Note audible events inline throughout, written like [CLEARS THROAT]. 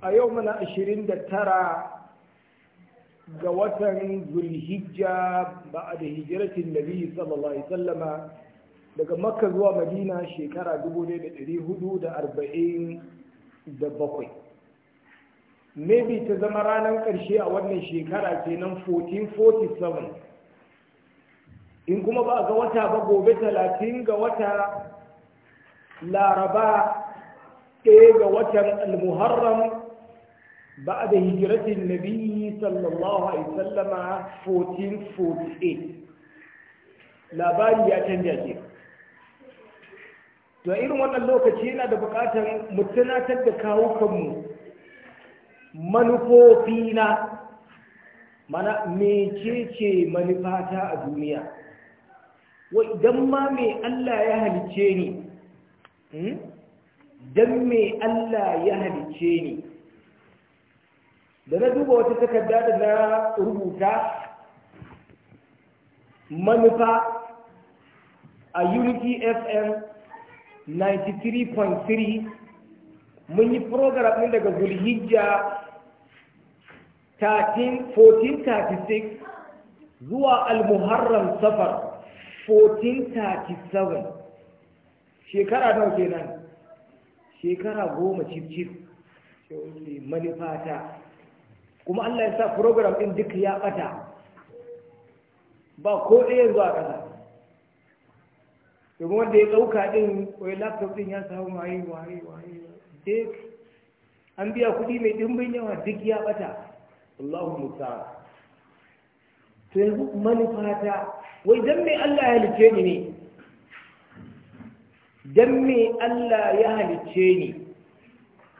a yau muna ashirin da tara ga watan zulhijja ba a da hijiratin nabi sallallahu alaihi sallama daga makka zuwa madina shekara 1447 maybe ta zama ranar ƙarshe a wannan shekara nan 1447 in kuma ba ga wata ba gobe talatin ga wata laraba ɗaya ga watan al-muharram بعد هجرة النبي صلى الله عليه وسلم 1448 labari ya canja ke to irin wannan lokaci yana da bukatar mu tunatar da kawukanmu manufofi na mana mecece manufata a duniya wa idan ma me Allah ya halice ni dan me Allah ya halice ni da na duba wata takarda da na rubuta manufa a unity fm 93.3 mun yi program ɗin daga zulhijja 1436 zuwa almuharram safar 1437 shekara nawa kenan shekara goma cif-cif manufata kuma Allah ya sa program ɗin duk ya ɓata ba ko ɗaya zuwa ƙasa domin wanda ya ɗauka ɗin wai laptop ɗin ya samu waye waye waye duk an biya kuɗi mai ɗimbin yawa duk ya ɓata Allahu musa to yanzu manufata wai dan me Allah ya halice ni ne dan me Allah ya halice ni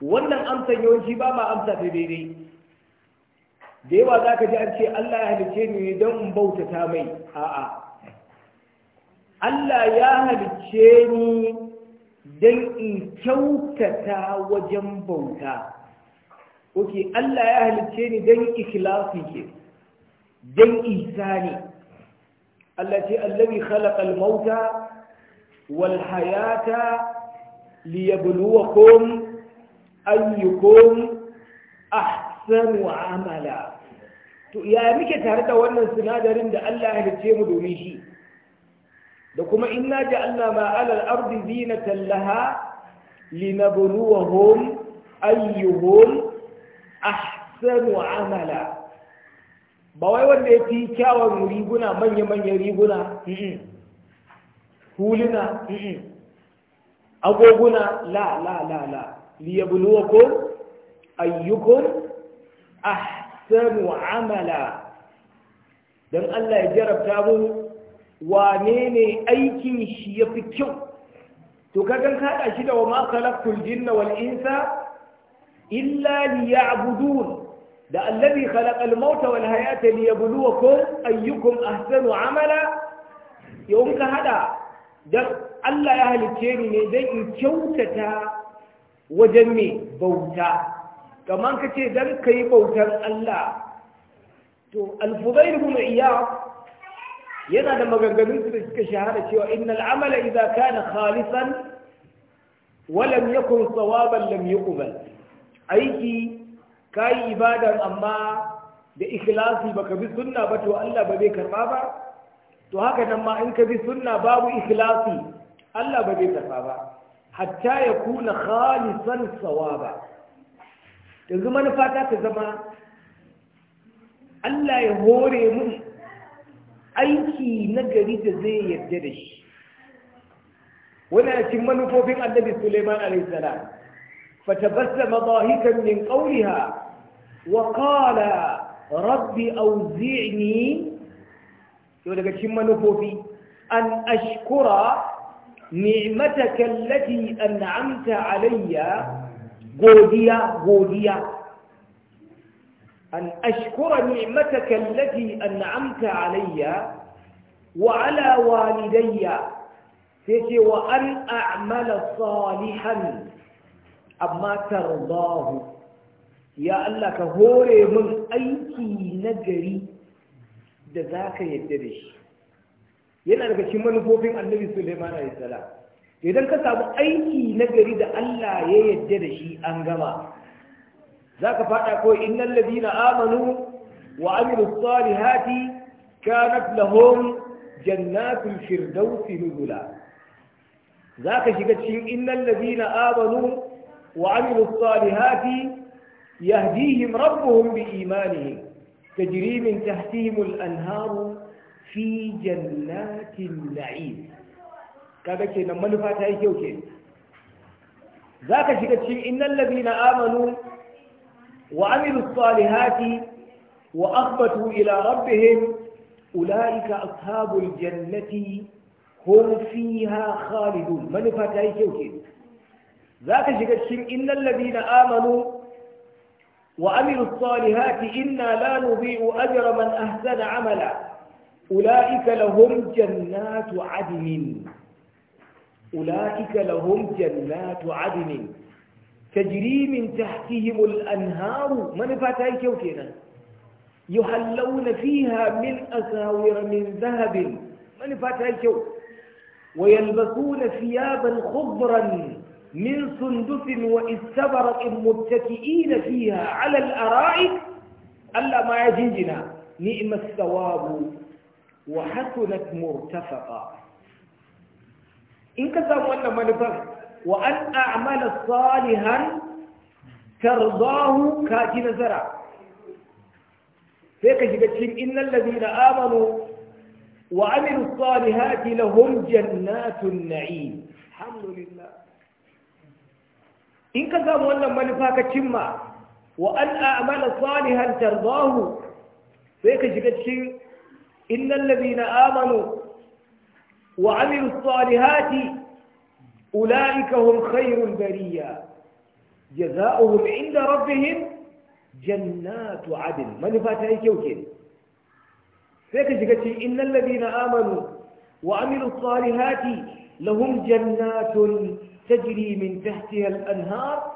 wannan amsa yawanci ba ma amsa ta daidai da yawa za ka ji an ce Allah ya halicce ni don in bautata mai a'a Allah ya halicce ni don in kyautata wajen bauta ok Allah ya halicce ni don ikhlasi ke don isani Allah ce allabi khalaqal mauta wal hayata liyabluwakum ayyukum ahsanu amala to ya muke tare da wannan sinadarin da Allah ya halicce mu domin shi da kuma inna ja'alna ma 'ala al-ardi zinatan laha linabluwahum ayyuhum ahsanu 'amala ba wai wanda ya fi kyawun riguna manya-manyan riguna huluna agoguna la la la la liyabluwakum ayyukum ahsanu ahsanu amala dan Allah ya jarabta mu wane ne aikin shi yafi kyau to kagan kada shi da wa ma khalaqtul jinna wal insa illa liya'budun da allazi khalaqal mauta wal hayata liyabluwakum ayyukum ahsanu amala yau ka hada dan Allah ya halicce ni ne dan in kyautata wajen me bauta kamar ka ce don ka yi bautar Allah to alfuzair kuma iya yana da maganganun su da suka shahara cewa innal amala idza kana khalisan wa lam yakun sawaban lam yuqbal aiki kai ibadan amma da ikhlasi baka bi sunna ba to Allah ba zai karba ba to haka nan ma in ka bi sunna babu ikhlasi Allah ba zai karba ba hatta ya kuna khalisan sawaba yanzu manufa ta ta zama Allah ya hore mu aiki na gari da zai yarda da shi wani a cikin manufofin annabi Suleiman alaihi salam فتبسم min من wa وقال rabbi أوزعني يقول daga شما manufofi an ashkura ni'mataka allati an'amta alayya godiya godiya an ashkura ni'mataka allati an'amta alayya wa ala walidayya sai ce wa an a'mala salihan amma tardahu ya Allah ka hore min aiki na gari da zaka yadda da shi yana daga cikin manufofin annabi Sulaiman alayhi salam idan ka samu aiki na gari da Allah ya yadda da shi an gama za ka faɗa ko innal ladina amanu wa amilu salihati kanat lahum jannatul firdausi nuzula za ka shiga cikin innal ladina amanu wa amilu salihati yahdihim rabbuhum bi imanihim tajri min tahtihim al anharu fi jannatin na'im kaga kenan manufa ta yi kyau ke za ka shiga cikin innal ladina amanu wa amilu salihati wa akhbatu ila rabbihim ulaika ashabul jannati hum fiha khalidun manufa ta yi kyau ke za ka shiga cikin innal ladina amanu wa وعملوا salihati inna la nubi'u ajra man ahsana amala أولئك لهم جنات عدن أولئك لهم جنات عدن تجري من تحتهم الأنهار من فاتها كوكينا يحلون فيها من أساور من ذهب من فاتها الكو ويلبسون ثيابا خضرا من سندس واستبرق متكئين فيها على الأرائك ألا ما يجنجنا نئم الثواب وحسنت مرتفقا in ka samu wannan manufar wa an a'mala salihan tardahu ka ji nazara sai ka shiga cikin innal ladina amanu wa amilu salihati lahum jannatun na'im alhamdulillah in ka samu wannan manufa ka cimma wa an a'mala salihan tardahu sai ka shiga cikin innal ladina amanu وعملوا الصالحات أولئك هم خير البرية جزاؤهم عند ربهم جنات عدن من فاتحي كوكب فيكشكتي إن الذين آمنوا وعملوا الصالحات لهم جنات تجري من تحتها الأنهار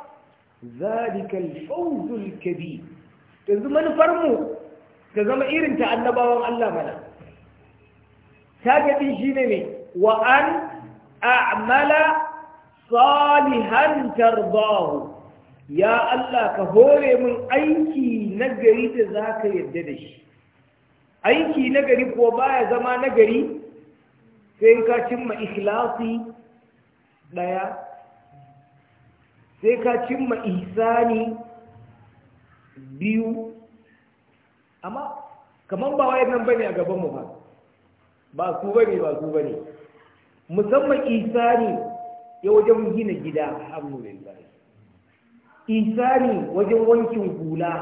ذلك الفوز الكبير تزمن فرمو تزمن إيرن تعلبا وعلمنا target din shine ne wa an a'mala salihan tarbahu ya Allah ka hore min aiki nagari da zaka yarda da shi aiki nagari ko baya zama nagari sai ka cimma ikhlasi daya sai ka cimma ihsani biyu amma kamar ba wayan nan bane a gaban mu ba ba su bane ba su bane musamman isani ya wajen gina gida alhamdulillah isani wajen wankin hula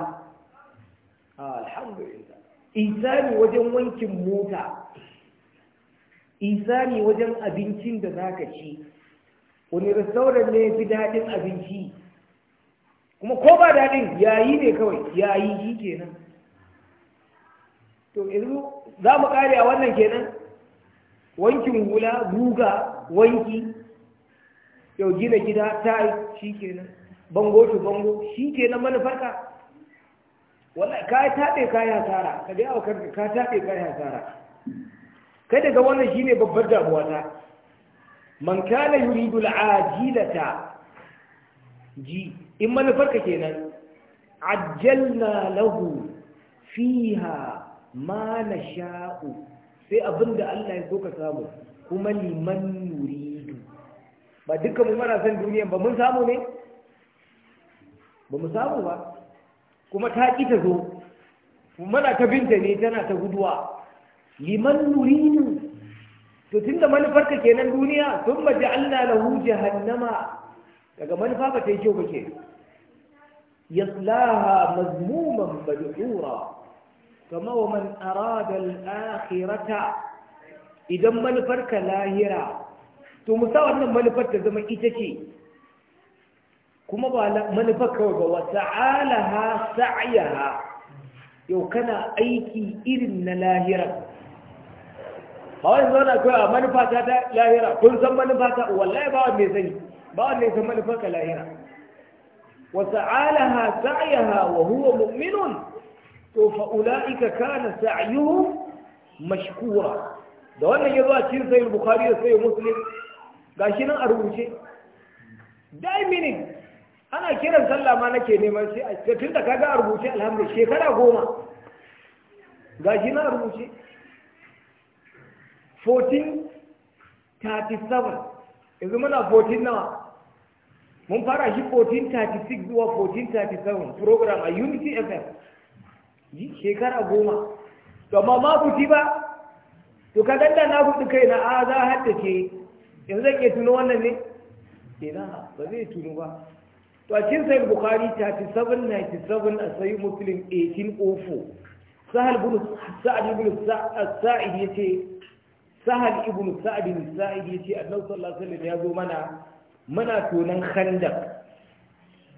alhamdulillah isani wajen wankin mota isani wajen abincin da zaka ci wani restaurant ne fi daɗin abinci kuma ko ba daɗin yayi ne kawai yayi shi kenan to yanzu za mu ƙare a wannan kenan wankin hula guga wanki yau gina gida ta shi ke nan, bango to bango shi ke nan manufarka wallahi ka taɓe kayan hasara ka dai aukar ka ka taɓe kayan hasara kai daga wannan shi ne babbar damuwa ta man kana yuridu al'ajilata ji in manufarka kenan ajjalna lahu fiha ma nasha'u sai abin da Allah ya so ka samu kuma liman yuridu ba dukkan mu mara san ba mun samu ne ba mu samu ba kuma ta ki ta zo mana ta binta ne tana ta guduwa liman yuridu to tunda manufarka kenan duniya sun maji Allah na huji hannama. daga manufa ba ta yi kyau ba ke yaslaha mazmuman madhura kama wa man arada al-akhirata idan manufar ka lahira to mu sa wannan manufar ta zama ita ce kuma ba manufar kawai ba wa ta'alaha sa'yaha yau kana aiki irin na lahira ba wani zauna kawai a manufa ta ta lahira kun san manufa ta wallahi ba wanda ya sani ba wanda ya san manufar ka lahira wa ta'alaha sa'yaha wa huwa mu'minun to fa ula'ika kana sa'yuhum mashkura da wannan ya zo a cikin sayyid bukhari da sayyid muslim gashi nan a rubuce dai mini ana kiran sallah ma nake neman sai a cikin da kaga a rubuce alhamdulillah shekara goma gashi nan a rubuce 1437 yanzu muna 14 nawa mun fara shi 1436 zuwa 1437 program a unity fm shekara goma to amma ma ku ba to ka ganda na kuɗi kai na a za hadda ke yanzu zan iya tuno wannan ne ke na ba zai tuno ba to a cikin sahih bukhari 3797 a sahih muslim 1804 sahal ibn sa'ad ibn sa'id yace sahal ibn sa'ad ibn sa'id yace annabi sallallahu alaihi wasallam ya zo mana muna tonan khandak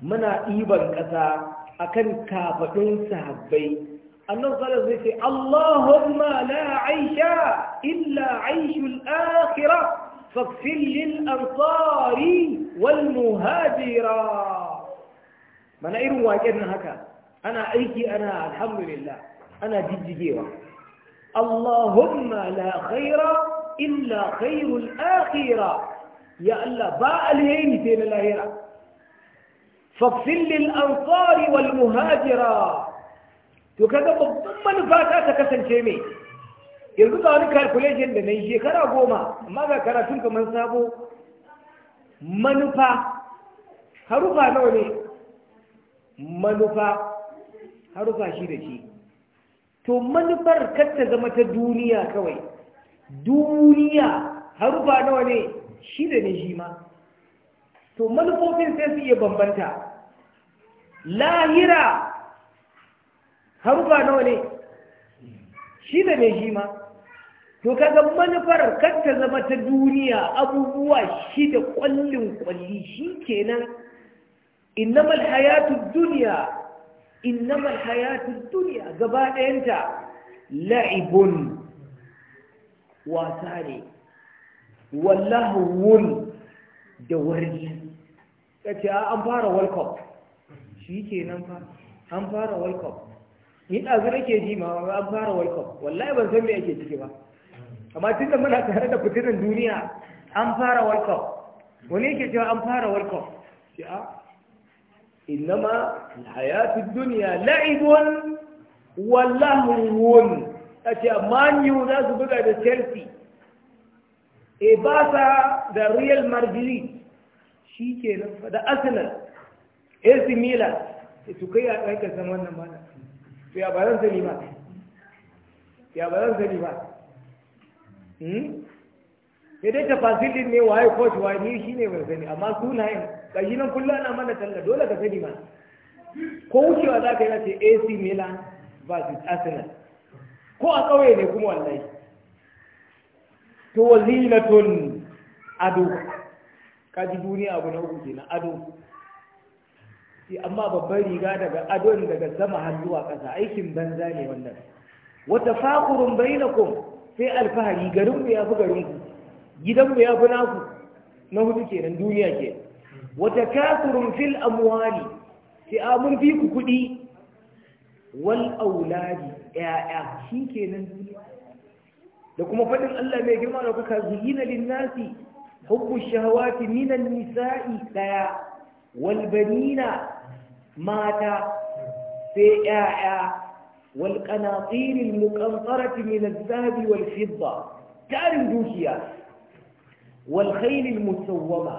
muna ɗiban ƙasa أكن كافتون سهبي النص الذي اللهم لا عيش إلا عيش الآخرة فاغفر للأنصار والمهاجرة من أين واجدنا هكا أنا أيكي أنا الحمد لله أنا جد جيوة اللهم لا خير إلا خير الآخرة يا الله باء الهين في الآخرة faghfir lil ansari wal muhajira to kaga babban manufa ta ta kasance mai, yanzu ba wani calculation da na shekara goma amma ga karatun kamar sabo manufa harufa nawa ne manufa harufa shi da shi to manufar kar zama ta duniya kawai duniya harufa nawa ne shi da ne shi ma to manufofin sai su iya bambanta lahira harufa nawa ne shi da ne shi ma to kaga manufar karta zama ta duniya abubuwa shi da kwallin kwalli shi kenan innamal hayatud dunya innamal hayatud dunya gaba ɗayanta la'ibun wasa ne wallahun da wari kace an fara world cup shi ke nan fa an fara world cup ni ɗazu nake ji ma an fara world cup wallahi ban san me ake ciki ba amma tun da muna tare da fitinan duniya an fara world cup wani yake cewa an fara world cup ce a ah, innama hayatun duniya la'ibun wallahun ta ce man za su buga da chelsea e eh, ba sa da real madrid shi ke nan da arsenal AC Milan su kai a ɗaukar san wannan mana ya ba zan sani ba ya ba zan sani ba hmm? ya dai fasilin ne waye coach waye ni shi ne bai sani amma sunayen yi nan kullum ana mana talla dole ka sani ma ko wucewa za ka yi ce AC eh, Milan versus Arsenal ko a ƙauye ne kuma wallahi to wazilatun ado kaji duniya abu na uku na ado sai amma babban riga daga adon daga sama har zuwa ƙasa aikin banza ne wannan wata fakurun bai na kun sai alfahari garinmu ya fi garinku gidanmu ya fi naku na hudu kenan duniya ke wata kasurun fil amwali sai a mun fi ku kuɗi wal auladi ya'ya shi ke nan duniya da kuma faɗin Allah mai girma da kuka zuyina linnasi hubbu shahawati minan nisa'i ɗaya. wal banina mata sai 'ya'ya. Walƙanatsirin qanatir al muqantarat min al dhahab wal fidda tarin dukiya wal khayl al musawwama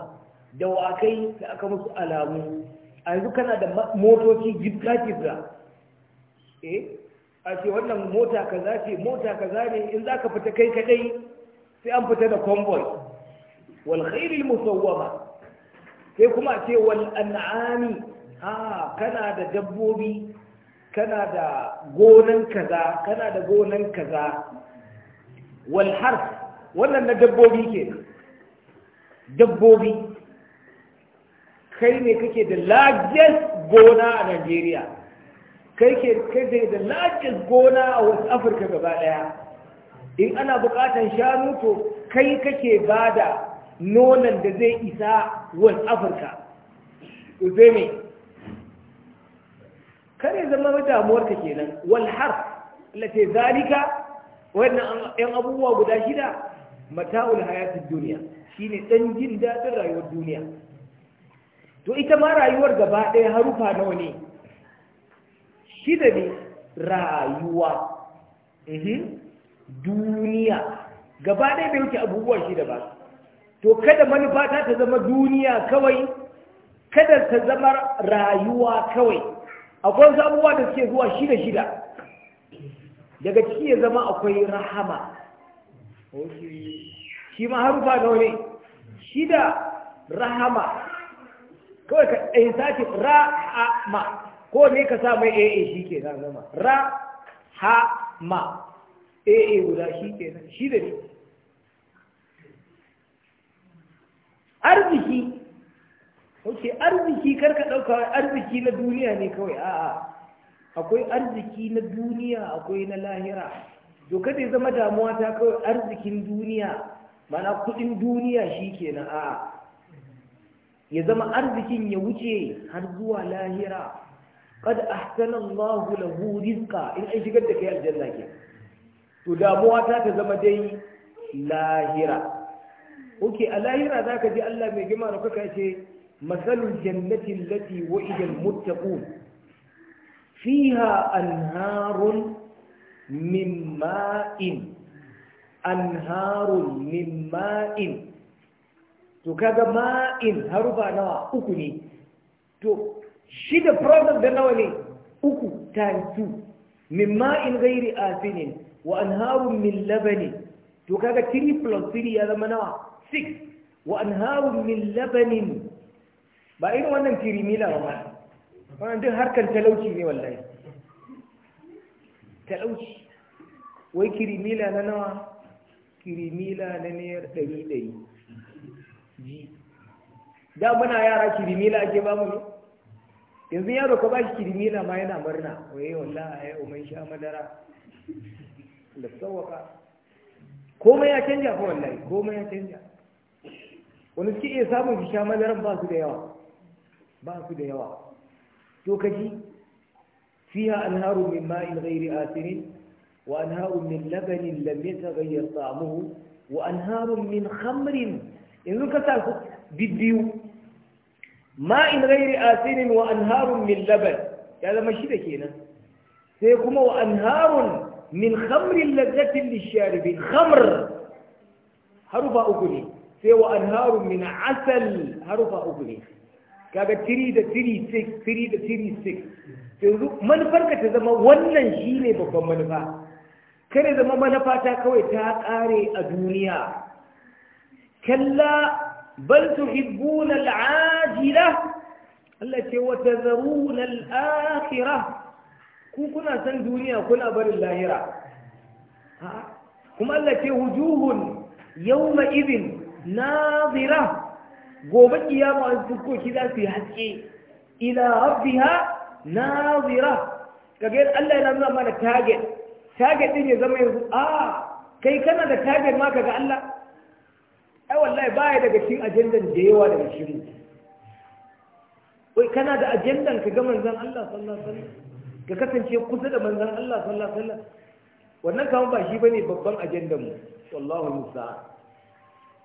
da wakai da aka musu alamu a yanzu kana da motoci jibga jibga eh a ce wannan mota kaza ce mota kaza ne in za ka fita kai kadai sai an fita da convoy wal khairil musawwama sai kuma a ce wal an'ami a kana da dabbobi kana da gonan kaza kana da gonan kaza wal harf wannan na dabbobi ke dabbobi kai ne kake da largest gona a Najeriya kai ke kai da largest gona a West Africa gaba daya in ana bukatan shanu to kai kake bada nonon da zai isa West Africa zai mai kare zama damuwar ka kenan wal harf lati zalika wannan yan abubuwa guda shida mata'ul hayatid duniya shine dan jin dadin rayuwar duniya to ita ma rayuwar gaba ɗaya harufa nawa ne shida ne rayuwa mhm. duniya gaba ɗaya bai wuce abubuwa shida ba to kada manufa ta zama duniya kawai kada ta zama rayuwa kawai akwai wasu abubuwa da suke zuwa shida shida daga ciki ya zama akwai rahama shi ma harufa da wani shida rahama kawai ka ɗaya sace ra'ama ko ne ka sa mai aa shi ke na zama ra'ama aa guda shi ke na shida ne arziki ok arziki karka ɗauka arziki na duniya ne kawai a'a akwai arziki na duniya akwai na lahira to kada ya zama damuwa ta kawai arzikin duniya mana kudin duniya shi kenan a'a ya zama arzikin ya wuce har zuwa lahira kad ahsana Allah lahu rizqa in an shigar da kai aljanna ke to damuwa ta ta zama dai lahira oke a lahira zaka ji Allah mai gima da kuka ce مثل الجنة التي وعد المتقون فيها أنهار من ماء أنهار من ماء تكاد ماء هربا نوع أكني تو شيء problem ده نوع لي أكو تانتو من ماء غير آسن وأنهار من لبن تكاد 3 plus 3 هذا منوع 6 وأنهار من لبن ba irin wannan tirimila ba wannan duk harkar talauci ne wallahi talauci wai kirimila na nawa kirimila na niyar ɗari ɗari ji da muna yara kirimila ake ba mu ne yanzu yaro ka ba shi kirimila ma yana murna waye wallahi yi umar sha madara da sauwaka komai ya canja fa wallahi komai ya canja wani suke iya samun sha madaran ba su da yawa ba su da yawa to kaji fiha anharu min ma'in ghairi asirin wa anharu min labanin lam yataghayyar ta'amuhu wa anharu min khamrin yanzu ka sa biddiyu ma'in ghairi asirin wa anharu min laban ya zama shida kenan sai kuma wa anharun min khamrin lazzatin lisharibin khamr harufa uku ne sai wa anharun min asal harufa uku ne kaga 3 da 3 6 3 da 3 6 yanzu manufarka ta zama wannan shine babban manufa kare zama manufa ta kawai ta kare a duniya kalla bal tuhibbuna al'ajila Allah ce wa tazaruna al'akhirah ku kuna san duniya kuna barin lahira kuma Allah ce wujuhun yawma idin nazira gobe kiyama wasu fuskoki za su yi haske ila rabbiha nazira kaga yadda Allah yana nuna mana target target din ya zama yanzu a ah, kai kana da target ma kaga Allah ai wallahi baya daga cikin ajandan da yawa daga shirin wai kana da ajandan ka ga manzon Allah sallallahu alaihi wasallam ka kasance kusa da manzon Allah sallallahu alaihi wasallam wannan kawai ba shi bane babban ajandan mu wallahu musta'an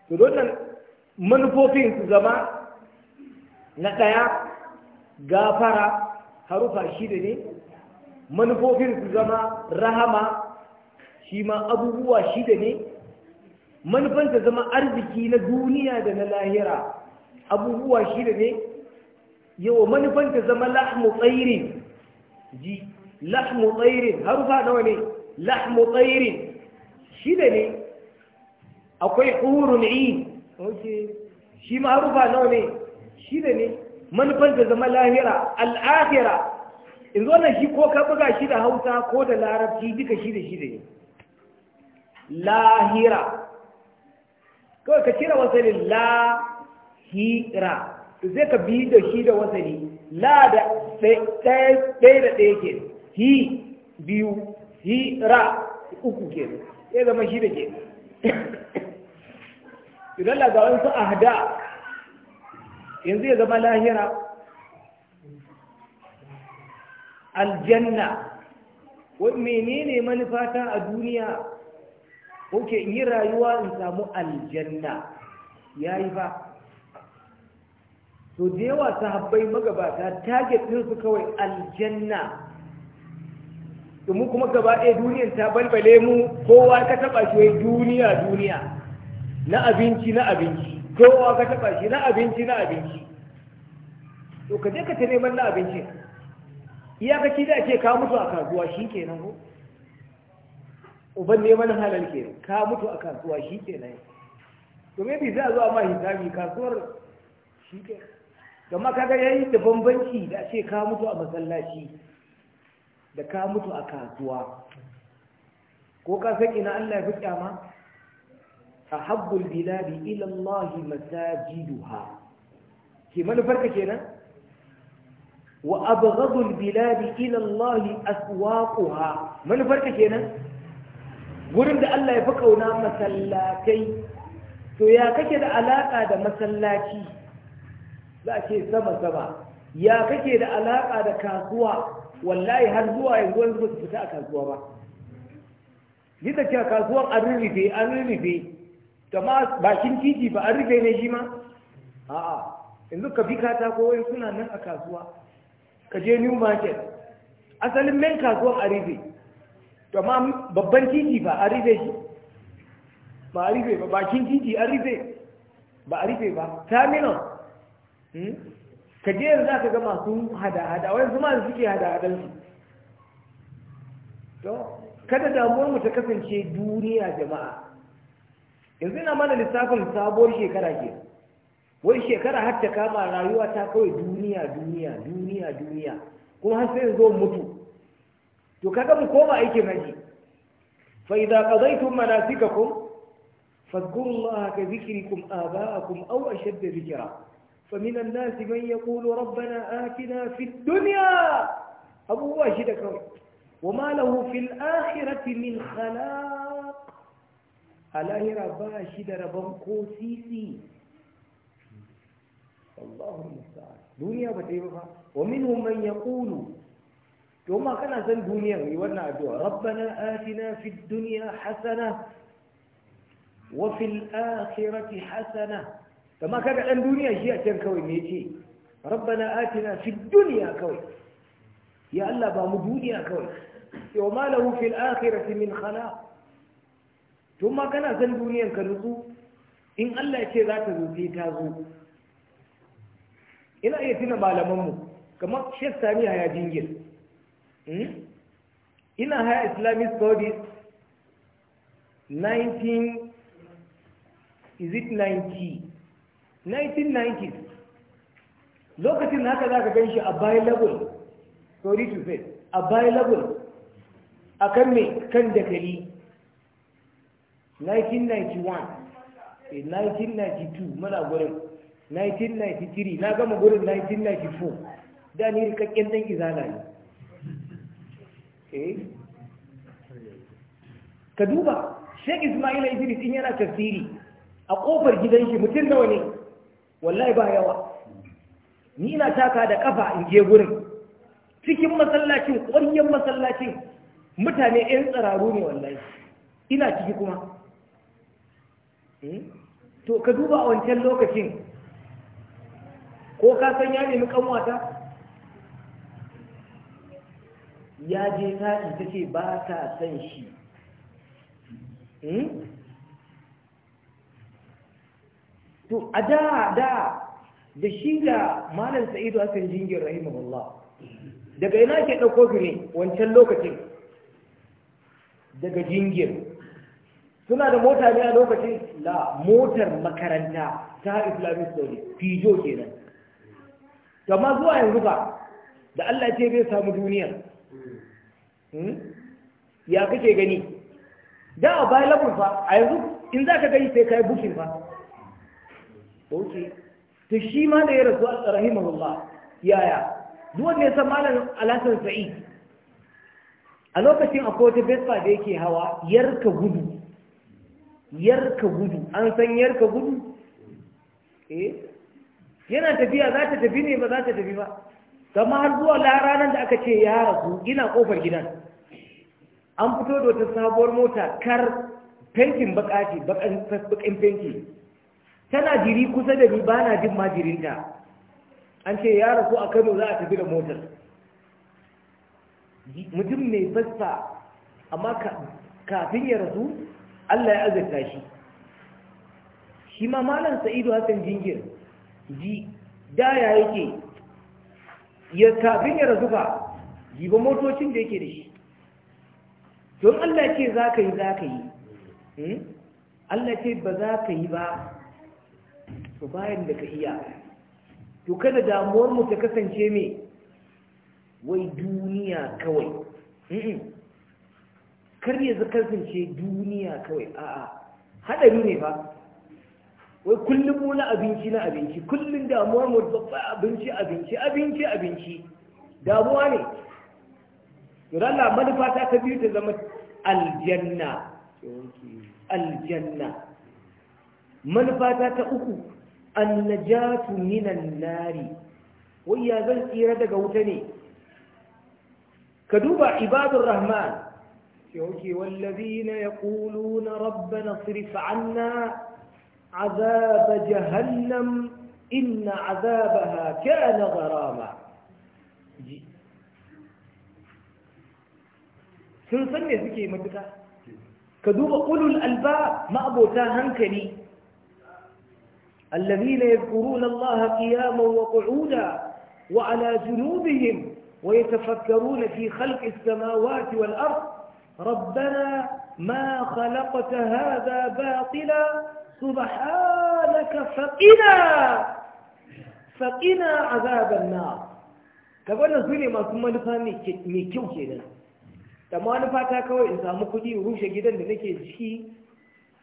to don manufofin su zama na ɗaya gafara harufa shida ne manufofin su zama rahama shi ma abubuwa shida ne manufan ta zama arziki na duniya da na lahira abubuwa shida ne yawa manufan ta zama lahmu tsairin ji lahmu tsairin harufa nawa ne lahmu tsairin shida ne akwai hurun oke shi ma'arufa nawa ne shi da ne manufan da zama lahira al'afira in zo shi ko ka buga shi da hausa ko da larabci duka shi da shi da ne lahira kawai ka cire wasalin lahira zai ka bi da shi da wasali la da ɗaya da ɗaya ke hi biyu hi ra uku ke sai zama shi da ke idan labaran su ahda yanzu ya zama lahira aljanna menene manufata a duniya oke yi rayuwa in samu aljanna ya yi ba to da yawa sahabbai magabata target su kawai aljanna mu kuma gaba ɗaya duniyar ta balbale mu kowa ka taɓa shi duniya duniya na abinci na abinci kowa ka taba shi na abinci na abinci to ka je ka ta neman na abinci iyakaci da ce ka mutu a kasuwa shi kenan ko uban neman halal ke ka mutu a kasuwa shi ke to to bi za a zo a ma hisabi kasuwar shi ke gama kaga ya yi da bambanci da ce ka mutu a masallaci da ka mutu a kasuwa ko ka san ina Allah ya fi kyama أحب البلاد إلى الله مساجدها كي من فرق كينا وأبغض البلاد إلى الله أسواقها من فرق كينا gurin da Allah ya fi kauna masallatai to ya kake da alaƙa da masallaci za a ce sama sama ya kake da alaƙa da kasuwa wallahi har zuwa yanzu wani su fita a kasuwa ba yi kasuwan ma bakin titi ba an rufe ne shi ma a'a yanzu ka bi katako wai suna nan a kasuwa ka je new market asalin main kasuwan a rufe to ma babban titi ba a rufe shi ba a rufe ba bakin titi a rufe ba a rufe ba terminal hmm? ka je yanzu za ka ga masu hada-hada wani zuma da suke hada hadar su kada damuwar mu ta kasance duniya jama'a yanzu na mana lissafin sabuwar shekara ke wai shekara har ta kama rayuwa ta kawai duniya duniya duniya duniya kuma har sai zo mutu to kaga mu koma aikin haji fa idza qadaytum manasikakum fadhkuru allaha ka dhikrikum aba'akum aw ashadd dhikra فمن الناس من يقول ربنا آتنا في الدنيا أبو واجد كوي وما له في الآخرة min خلاق a lahira ba shi da rabon ko sisi Allahu musta'an duniya ba ta yi ba wa minhum man yaqulu to ma kana san duniya yi wannan addu'a rabbana atina fid dunya hasana wa fil akhirati hasana kama kaga dan duniya shi a can kawai me yake rabbana atina fid dunya kawai ya Allah ba mu duniya kawai yawma lahu fil akhirati min khalaq to ma kana san duniyan ka nutsu in Allah ya ce za ta zo sai ta zo ina iya tuna malamanmu kamar Sheikh Sami Haya Jingil hmm? ina haya Islamic studies 19 is it 90 1990 lokacin haka za ka ganshi a available sorry to say available a kan mai kan dakali 1991 1992 eh, muna gurin 1993 na gama gurin 1994 da ni rikakken dan izana ne eh? ka duba Sheikh Ismail Idris in yana tafsiri a kofar gidan shi mutum nawa ne wallahi ba yawa ni ina taka da kafa in je gurin cikin masallacin ƙwaryen masallacin mutane 'yan tsararu ne wallahi ina ciki kuma Hmm? to ka duba a wancan lokacin ko ka san ya nemi kanwata ya je ta ita ce ba ta san shi hmm? to a da da da shi da malam sa'idu Hassan jingin rahimahullah daga ina ke ɗauko fire wancan lokacin daga jingin suna da mota ne a lokacin la motar makaranta ta islamic study fijo nan. amma zuwa yanzu ba da Allah ce bai samu duniya hmm? ya kake gani da a bayan labur fa a yanzu in za ka gani sai ka yi bukin fa ok to shi ma da ya rasu a rahimahullah yaya zuwa ne san malar alasar sa'i a lokacin akwai wata bespa da yake hawa yarka gudu yarka gudu an san yarka gudu eh yana tafiya za ta tafi ne ba za ta tafi ba kama har zuwa ranar da aka ce ya rasu ina kofar gidan an fito da ta sabuwar mota kar fentin bakaci bakin fenti tana jiri kusa da ni bana jin ma jirinta an ce ya rasu a kano za a tafi da motar mutum mai fasta amma kafin ya rasu Allah ya azurta shi shi ma malam sa'idu hassan jingir ji daya yake ya kafin ya rasu ba jiba motocin da yake da shi don Allah ce za ka yi za ka yi hmm? Allah ce ba za ka yi ba to bayan da ka iya to kada damuwar mu ta kasance mai wai duniya kawai hmm? kar ya kasance duniya kawai a'a haɗari ne ba wai kullum mu na abinci na abinci kullum damuwa mu babba abinci abinci abinci abinci damuwa ne yuralla manufa ta ta biyu ta zama aljanna aljanna manufa ta ta uku annajatu minan nari wai ya zan tsira daga wuta ne ka duba ibadur rahman يوكي والذين يقولون ربنا اصرف عنا عذاب جهنم إن عذابها كان غراما sun san ne suke كذوب قلوا duba ما alba ma'abota الذين يذكرون الله قياما وقعودا وعلى جنوبهم ويتفكرون في خلق السماوات والأرض ربنا ما خلقت هذا باطلا سبحانك فقنا فقنا عذاب النار kaga su ne masu manufa mai kyau kenan da manufa ta kawai in samu kuɗi in rushe gidan da nake ciki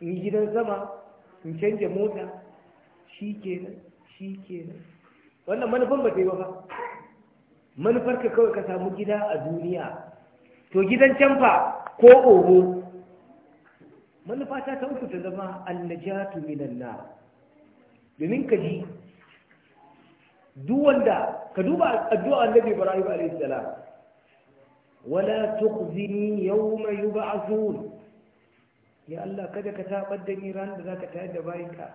in gidan sama in canja mota shi kenan shi kenan wannan manufan ba ta ba manufar ka kawai ka samu gida a duniya to gidan can fa ko oho manufa ta ta uku ta zama annajatu minan nar domin ka ji duk wanda ka duba addu'a annabi ibrahim alayhi salam wala tukhzini yawma yub'athun ya Allah kada ka tabar da ni ran da zaka tayar da bayinka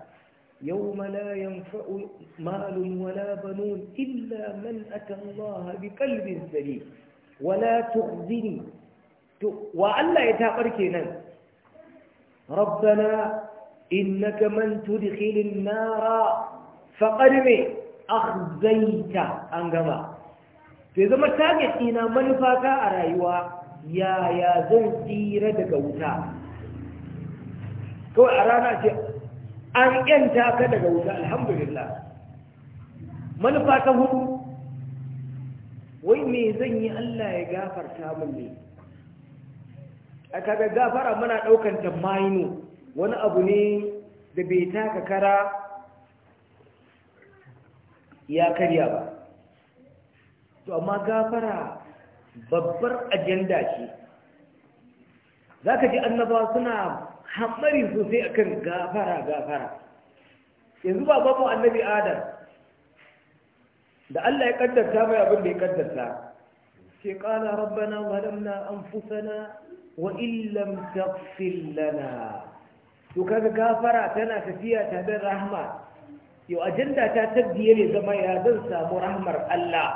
يوم لا ينفع مال ولا بنون إلا من أتى الله بقلب سليم ولا تخزني to wa Allah ya taɓar kenan rabbana innaka man tudkhilin nara faqad me akhzaita an gama to zama target ina manufata a rayuwa yaya zan tsira daga wuta kawai a rana ce an yanta ka daga wuta alhamdulillah manufa ta hudu wai me zan yi Allah ya gafarta min ne a kada gafara muna ɗaukan ta wani abu ne da bai taka kara ya karya ba to amma gafara babbar ajanda ce za ka ji annaba suna hamari sosai akan gafara gafara yanzu ba babu annabi adam da Allah ya kaddarta mai abin da ya kaddarta قال ربنا ظلمنا أنفسنا وإن لم تغفر لنا وكذا كافرة تنا تفيا تهدى الرحمة يو أجندة تتبدي يلي زما يادنسى مرحمر الله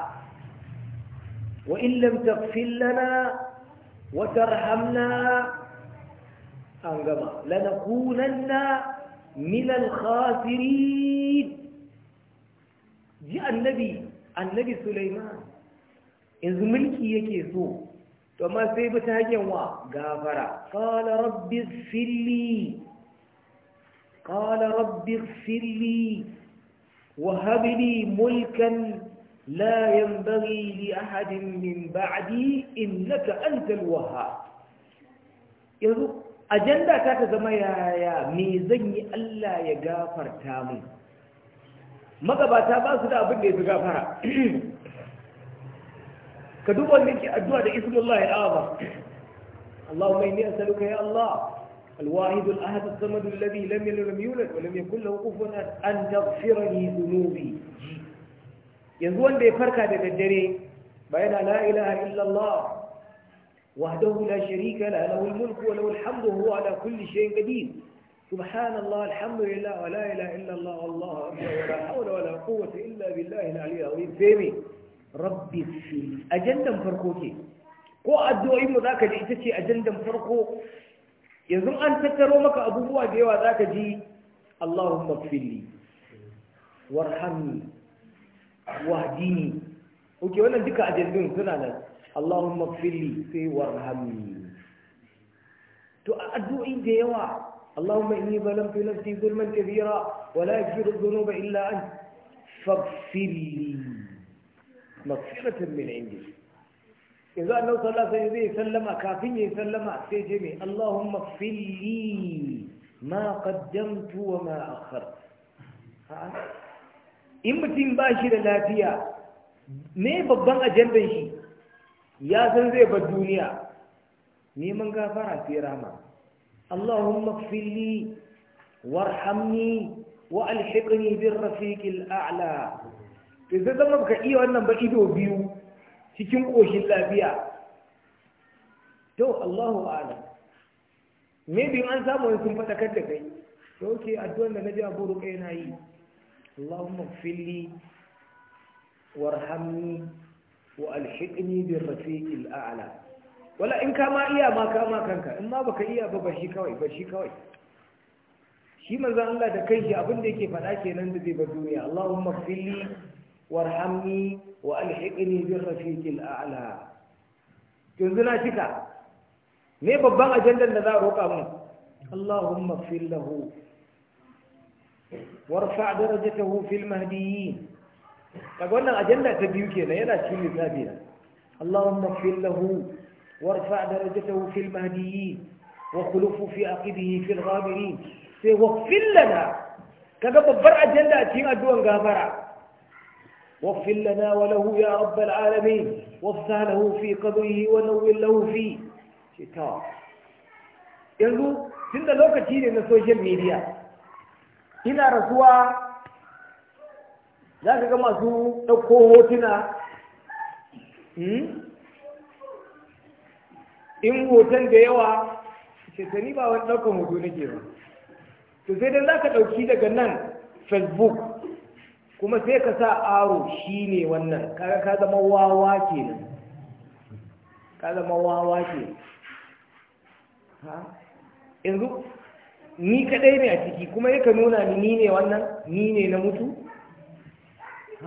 وإن لم تغفر لنا وترحمنا أنجما لنكونن من الخاسرين جاء النبي النبي سليمان yanzu mulki yake so to ma sai bi ta hanyar wa gafara qala rabbi fili qala rabbi fili wa hab li mulkan la yanbaghi li ahadin min ba'di innaka antal wahhab yanzu ajanda ta ta zama yaya me zan yi Allah ya gafarta mu magabata ba su da abin da ya fi gafara [CLEARS THROAT] كدوبا منك الدعاء باسم الله الاعظم اللهم اني اسالك يا الله الواحد الاحد الصمد الذي لم يلد ولم يولد ولم يكن له كفوا ان تغفر لي ذنوبي يزول بفركه بالدري بين لا اله الا الله وحده لا شريك له له الملك وله الحمد وهو على كل شيء قدير سبحان الله الحمد لله ولا اله الا الله والله اكبر ولا حول ولا قوه الا بالله العلي العظيم rabbi fi ajandan farko ke, ko addu'o'in mu zaka ji ita ce ajandan farko yanzu an tattaro maka abubuwa da yawa zaka ji Allahumma ighfirli warhamni wahdini oke wannan duka ajandun suna nan Allahumma ighfirli sai warhamni to addu'o'in da yawa Allahumma inni zalamtu nafsi zulman kabira wala la yaghfiru dhunuba illa anta faghfirli magfiratan min indi yanzu annabi sallallahu sallama kafin ya sallama sai je mai Allahumma fili ma in mutum ba shi da lafiya me babban ajandan shi ya san zai bar duniya neman gafara sai rama Allahumma fili warhamni wa alhiqni bin rafiqil a'la to zai zama baka iya wannan ba ido biyu cikin ƙoshin lafiya to Allahu a'lam maybe an samu wani sun faɗakar da kai to ke addu'ar da na ji abu ruka yana yi Allahumma fili warhamni wa alhiqni bi rafiqi a'la wala in ka ma iya ma ka ma kanka in ma baka iya ba bashi kawai bashi kawai shi manzon Allah da kai shi abin da yake faɗa kenan da zai ba duniya Allahumma fili warhamni wa alhiqni bi rafiqil a'la yanzu na cika me babban ajandar da za a roƙa mun Allahumma ighfir lahu warfa darajatahu fil mahdiyyin kaga wannan ajanda ta biyu kenan yana cikin lissafi Allahumma ighfir lahu warfa darajatahu fil mahdiyyin wa khulufu fi aqibihi fil ghabirin sai wa waghfir lana kaga babbar ajanda a cikin addu'an gafara واغفر لنا وله يا رب العالمين وافسح له في قبره ونور له فيه شتاء yanzu tun da lokaci ne na social media ina rasuwa za ka ga masu ɗauko hotuna in hoton da yawa shekari ba wani ɗaukan hoto nake ba to sai dai za ka ɗauki daga nan facebook kuma sai ka sa aro shi ne wannan kaga ka zama wawa ke nan ka zama wawa ke yanzu ni kadai ne a ciki kuma yaka nuna ni ni ne wannan ni ne na mutu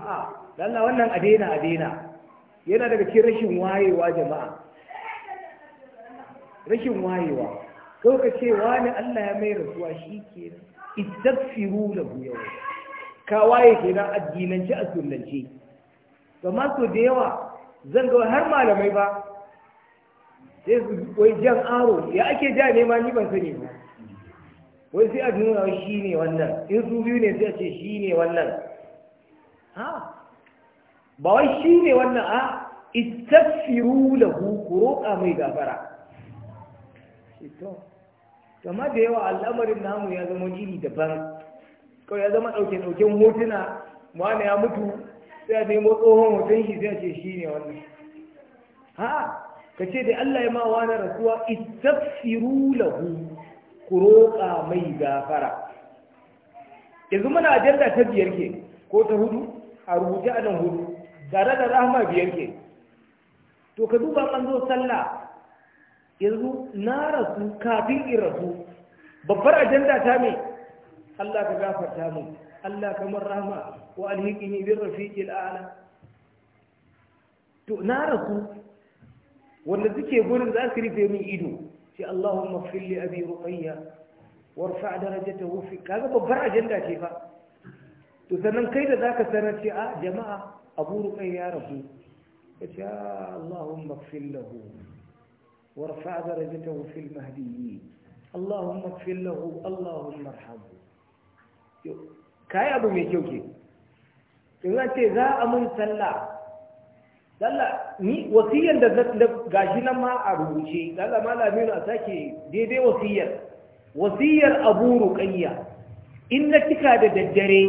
ha lalla wannan a daina a daina yana daga cikin rashin wayewa jama'a rashin wayewa kawai ka ce wani Allah ya mai rasuwa shi ke istaghfiru lahu yawm ke na addinance a sunanci amma so da yawa zan ga har malamai ba sai su wai jan aro ya ake ja ne ma ni ban sani ba wai sai a nuna shi ne wannan in su biyu ne sai a ce shi ne wannan ha ba wai shi ne wannan a istaghfiru lahu ku roƙa mai gafara to amma da yawa al'amarin namu ya zama iri daban kawai ya zama ɗauke ɗauken hotuna wani ya mutu sai a nemo tsohon hoton shi sai a ce shi ne wannan ha ka ce da Allah ya ma wani rasuwa istaghfiru lahu ku roƙa mai gafara yanzu muna ajanda ta biyar ke ko ta hudu a rubuce a nan hudu tare da rahama biyar ke to ka duba an zo sallah yanzu na rasu kafin in rasu babbar ajanda ta me الله كغافر تامون الله كمن رحمة وألهيكني بالرفيق الأعلى تؤنارك والذيك يقول الذاكر في من إيدو في اللهم اغفر لي أبي رقيا وارفع درجته في كذا ببرع جندا كيفا تسنن كيد ذاك سنة آه في جماعة أبو رقية يا رب يا اللهم اغفر له وارفع درجته في المهديين اللهم اغفر له اللهم ارحمه kayi yi abu mai kyau ke in za ce za a mun sallah sallah ni wasiyyar da gashi nan ma a rubuce sallah malami na sake daidai wasiyyar wasiyyar abu ruqayya in na cika da daddare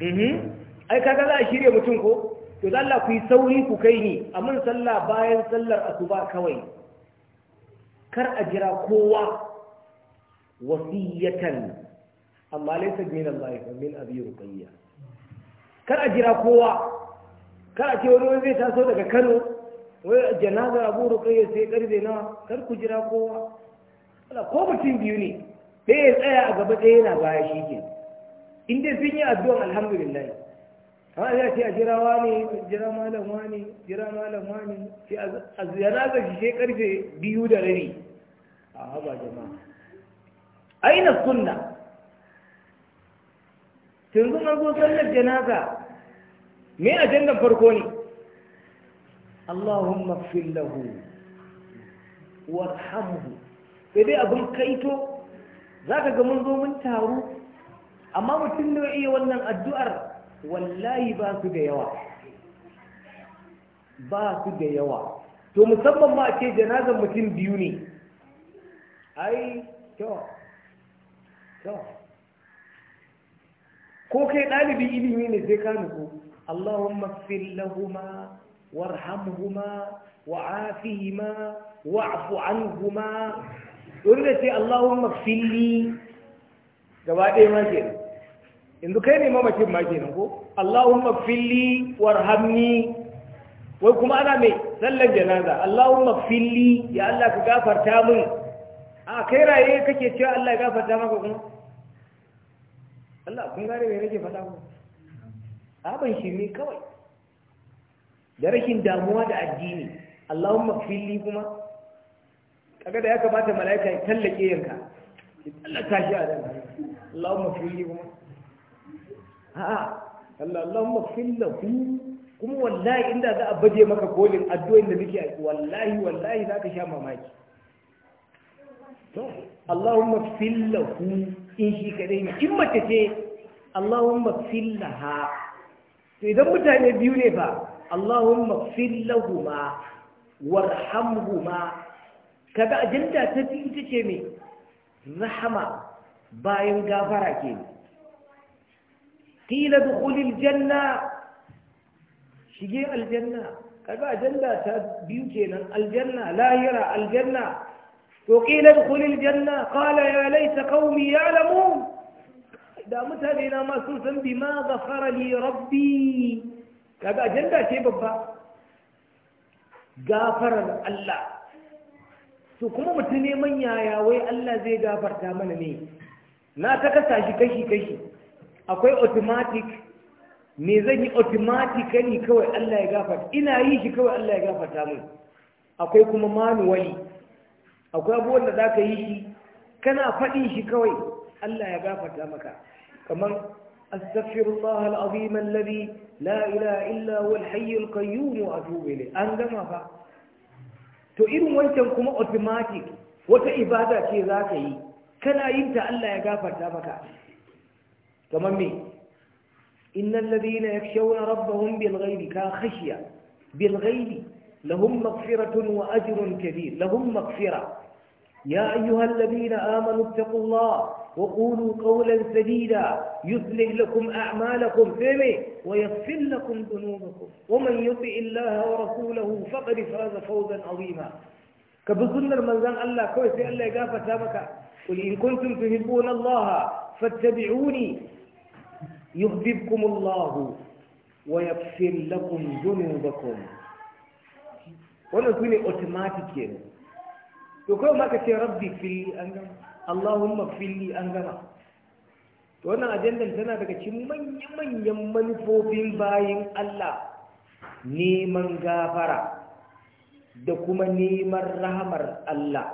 mhm, ai kaga za a shirya mutum ko to Allah ku yi sauri ku kai ni a mun sallah bayan sallar asuba kawai kar a jira kowa wasiyatan amma laysa min Allah fa min abi ruqayya kar a jira kowa kar a ce wani zai taso daga Kano wai janaza abu ruqayya sai karbe na kar ku jira kowa ko mutum biyu ne ɗaya tsaya a gaba ɗaya yana baya shi ke in dai sun yi addu'an alhamdulillah amma a ce a jira wani jira malam wani jira malam wani sai a janaza shi sai karfe biyu da rabi a haba jama'a aina sunna yanzu an zo sallar janaza me ajandan farko ne Allahumma fil lahu warhamhu sai dai abin kaito zaka ga mun zo mun taru amma mutum da iya wannan addu'ar wallahi ba su da yawa ba su da yawa to musamman ma ce janazan mutum biyu ne ai to to ko kai ɗalibin ilimi ne sai ka nufu. Allahumma fil lahuma warhamhuma wa'afihima wa'fu anhuma wanda sai Allahumma filli gaba ɗaya ma kenan yanzu kai ne mamakin ma ke nan ko Allahumma filli warhamni wai kuma ana mai sallan janaza Allahumma filli ya Allah ka gafarta min a kai raye kake cewa Allah ya gafarta maka kuma Allah kun gane mai rage faɗa mu shi shirme kawai da rashin damuwa da addini Allahumma filli kuma kaga da ya kamata mala'ika ya tallake yanka ya tallaka shi a dana Allahumma filli kuma a'a Allah Allahumma fillahu kuma wallahi inda za a baje maka kolin addu'o'in da muke aiki wallahi wallahi za ka sha mamaki to Allahumma fillahu in shi kadai ne in mace ce Allahumma fillaha to idan mutane biyu ne fa Allahumma fillahuma warhamhuma kaga ajinta ta fi ita ce mai rahama bayan gafara ke qila dukhulil janna shige aljanna kaga ajanda ta biyu kenan aljanna lahira aljanna وقيل ادخل الجنة قال يا ليت قومي يعلمون da mutane na ma sun san bi ma ghafara li rabbi kaga ajanda ce babba gafarar Allah to kuma mutum neman yaya wai Allah zai gafarta mana ne na ta kasa shi kashi kashi akwai automatic me zan yi automatically kawai Allah ya gafarta ina yi shi kawai Allah ya gafarta mun akwai kuma manuwali akwai abubuwan da za ka yi shi kana faɗin shi kawai Allah ya gafarta maka kamar astaghfirullah al-azim alladhi la ilaha illa huwa al-hayy al-qayyum wa atubu ilayh an gama fa to irin wancan kuma automatic wata ibada ce za ka yi kana yin ta Allah ya gafarta maka kamar me innal ladhina yakshawna rabbahum bil ghaibi ka khashiya bil ghaibi lahum maghfiratun wa ajrun kabir lahum maghfirah يا أيها الذين آمنوا اتقوا الله وقولوا قولا سديدا يصلح لكم أعمالكم فهمه ويغفر لكم ذنوبكم ومن يطع الله ورسوله فقد فاز فوزا عظيما كبسنة المنزل الله كويس الله يقاف سامك قل إن كنتم تحبون الله فاتبعوني يغضبكم الله ويغفر لكم ذنوبكم ولا تقولي ne to kawai maka ce rabbi fili an gama allahumma fili an gama to wannan ajandar tana daga cikin manya-manyan manufofin bayan allah neman gafara da kuma neman rahamar allah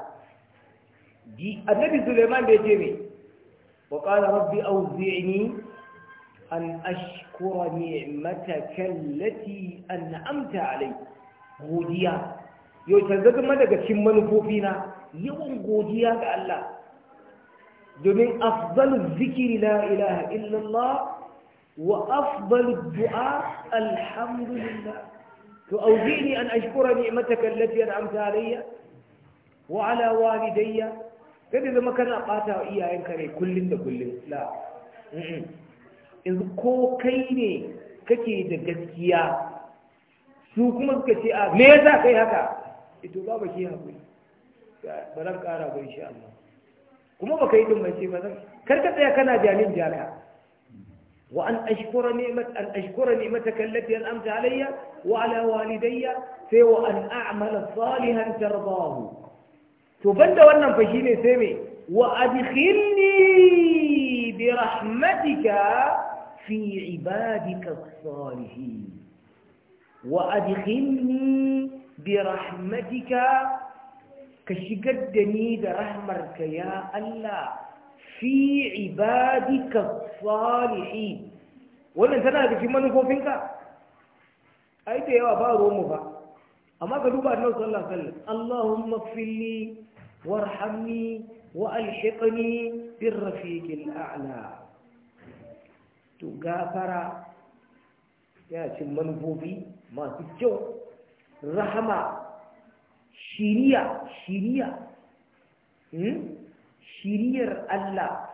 annabi suleiman da ya ce mai rabbi رب أوزعني أن أشكر نعمتك an أنعمت علي godiya yau canza zama daga cikin manufofi na yawan godiya ga Allah domin afdalul zikiri la ilaha illallah wa afdalud du'a alhamdulillah to auzini an ashkura ni'mataka allati an'amta alayya wa ala walidayya kada zama kana bata wa iyayenka ne kullun da kullun la yanzu ko kai ne kake da gaskiya su kuma suka ce a me yasa kai haka ito ba baki haƙuri ba zan ƙara ba insha Allah kuma baka yi din mai ce ba zan kar ka tsaya kana jamin jaka wa an ashkura ni'mat an ashkura ni'mataka allati an'amta alayya wa ala walidayya sai wa an a'mala salihan tardahu to banda wannan fa shine sai me wa adkhilni bi rahmatika fi في salihin wa adkhilni bi rahmatika ka shigar da ni da rahmar ya Allah fi ibadika salihi wannan tana da cikin manufofinka ai da yawa ba ruwan mu ba amma ka duba da nausa Allah sallam Allahumma fili wa alhiqni bir rafiqil a'la to ya cin manufofi masu kyau rahama shiriya shiriya hmm? shiriyar Allah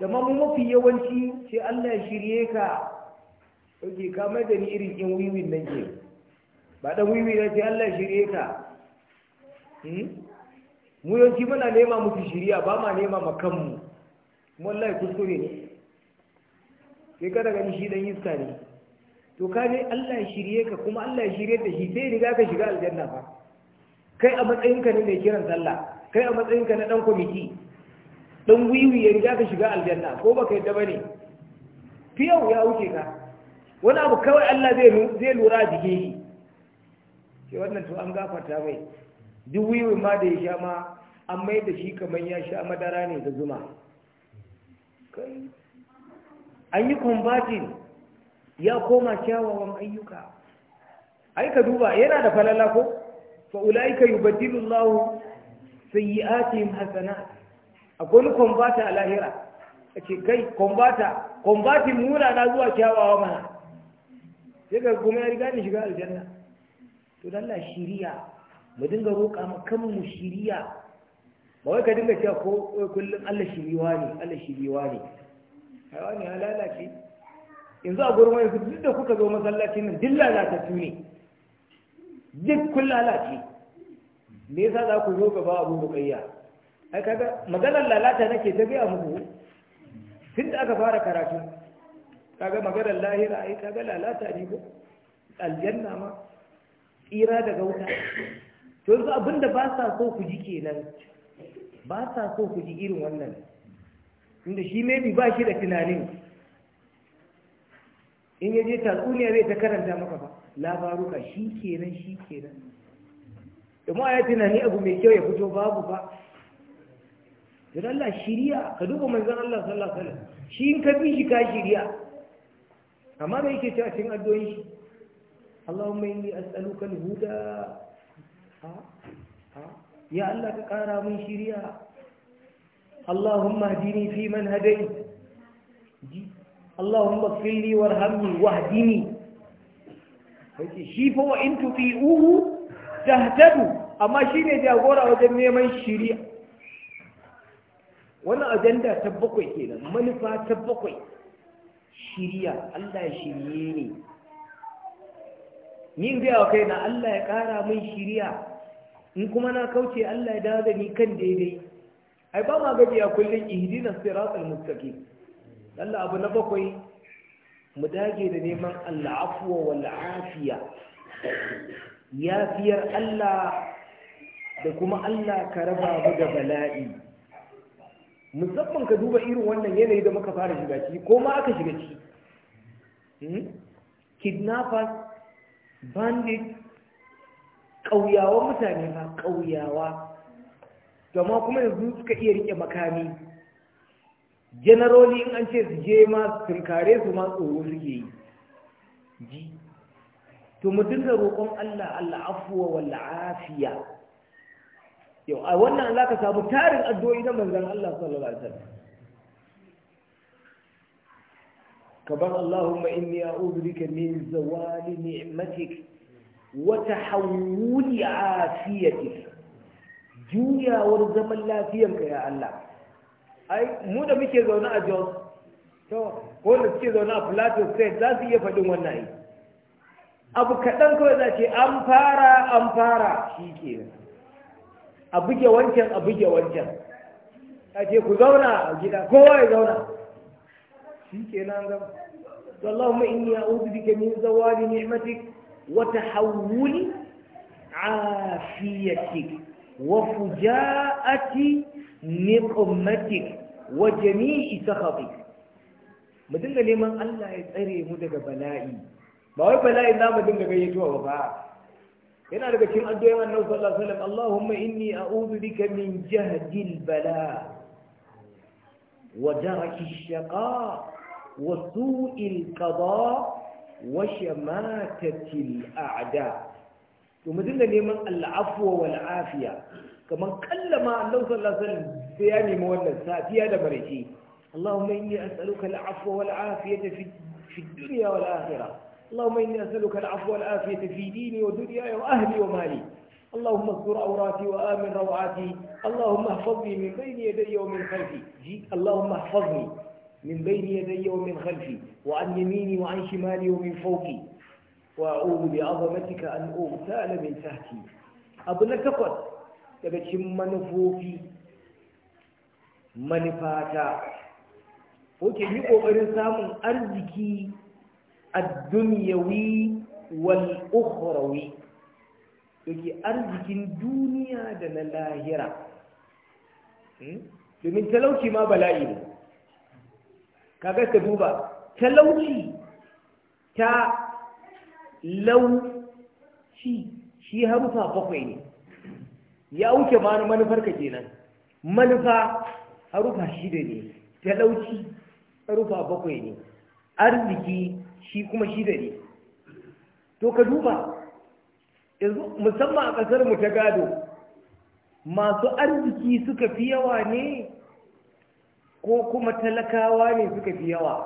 zama mafi yawanci sai Allah ya shirye ka oke ka mai da ni irin yan wiwin nan ke ba dan wiwi na sai Allah ya shirye ka hmm? mu yanki muna nema musu shiriya ba ma nema ma kanmu wallahi kuskure ne sai ka daga ni shi dan iska ne to ka je Allah ya shirye ka kuma Allah ya shirye ta shi sai riga ka shiga aljanna fa kai a matsayin ka ne mai kiran sallah kai a matsayin ka na dan kwamiti dan wiwi ya riga ka shiga aljanna ko ba ka yadda bane fiyau ya wuce ka wani abu kawai Allah zai zai lura da shi sai wannan to an gafarta mai duk wiwi ma da ya sha ma an mai da shi kamar ya sha madara ne da zuma kai an yi combating ya koma kyawawan ayyuka ai ka duba yana da falala ko fa ulaika yubaddilu Allah sayyi'atihim hasanat akwai kombata a lahira kace kai kombata kombati mura na zuwa kyawawa mana sai ka kuma ya riga ni shiga aljanna to Allah shiriya mu dinga roƙa mu kanmu shiriya ba wai ka dinga cewa ko kullum Allah shiriwa ne Allah shiriwa ne ai wani ya lalace yanzu a gurin wani duk da kuka zo masallaci nan duk lalatattu ne duk kun lalace me yasa za ku zo gaba abu bukayya ai kaga maganar lalata nake ta gaya muku tun da aka fara karatu kaga maganar lahira ai kaga lalata ne ko aljanna ma tsira daga wuta to yanzu abin da ba sa so ku ji kenan ba sa so ku ji irin wannan inda shi bi ba shi da tunanin in ya je tatsuniya zai ta karanta maka ba labaruka shi kenan shi kenan domin a yi tunani abu mai kyau ya fito babu ba don Allah shiriya ka duba manzan Allah sallallahu alaihi wasallam shi in ka bi shi ka shiriya amma me yake cewa cikin addu'o'in shi Allahumma inni as'aluka al-huda ya Allah ka kara min shiriya Allahumma hdini fi man hadayt اللهم اغفر لي وارحمني واهدني shi fa wa in tuti'uhu tahtadu amma shine jagora wajen neman shiriya wannan ajanda ta bakwai kenan manufa ta bakwai shiriya Allah shirye ne ni gaya wa kaina Allah ya kara min shiriya in kuma na kauce Allah ya dawo da ni kan daidai ai ba ma gaji a kullun ihdinas siratal mustaqim lalla abu na bakwai mu dage da neman Allah afuwa wal afiya yafiyar Allah da kuma Allah ka raba mu da bala'i musamman ka duba irin wannan yanayi da muka fara shiga ciki ko ma aka shiga ciki hmm? kidnappers bandits, ƙauyawa mutane ba ƙauyawa gama kuma yanzu suka iya rike makami generally in an ce su je ma tunkare su ma tsoro suke yi ji to mu dinga roƙon Allah Allah afuwa wal afiya yau a wannan Allah ka samu tarin addu'o'i na manzon Allah sallallahu alaihi wasallam kaban Allahumma inni a'udhu bika min zawali ni'matik wa tahawwuli afiyatik juyawar zaman lafiyanka ya Allah ai mu da muke zaune a jos to ko da suke zaune a plateau state za su iya faɗin wannan ai abu kaɗan kawai za ce an fara an fara shi ke a buge wancan a buge wancan a ce ku zauna a gida kowa ya zauna shi ke nan gaba اللهم إني أعوذ بك من زوال نعمتك وتحول Wa وفجاءة min wa jami'i sahabi mu dinga neman Allah ya tsare mu daga bala'i ba wai bala'i za mu dinga gayyatuwa ba yana daga cikin addu'o'in Annabi sallallahu alaihi wasallam Allahumma inni a'udhu bika min jahdi al-bala wa daraki ash-shaqa wa su'i al-qada wa shamatati al-a'da to mu dinga neman al-afwa wal afiya kamar قل ما sallallahu صلى الله عليه وسلم nemi wannan safiya da barci اللهم إني أسألك العفو والعافية في الدنيا والآخرة اللهم إني أسألك العفو والعافية في ديني ودنياي وأهلي ومالي اللهم استر عوراتي وآمن روعاتي اللهم احفظني من بين يدي ومن خلفي اللهم احفظني من بين يدي ومن خلفي وعن يميني وعن شمالي ومن فوقي وأعوذ بعظمتك أن أغتال من تحتي أبنك قد daga cikin manufofi manufata oke yi ƙoƙarin samun arziki a duniyawi wal ukhrawi yake arzikin duniya da na lahira hmm? domin talauci ma bala'i ne kaga ka duba talauci ta lauci shi harufa bakwai ne ya wuce ma na manufar ka kenan manufa harufa shida ne talauci rufa bakwai ne arziki shi kuma shida ne to ka duba musamman a ƙasar mu ta gado masu arziki suka fi yawa ne ko kuma talakawa ne suka fi yawa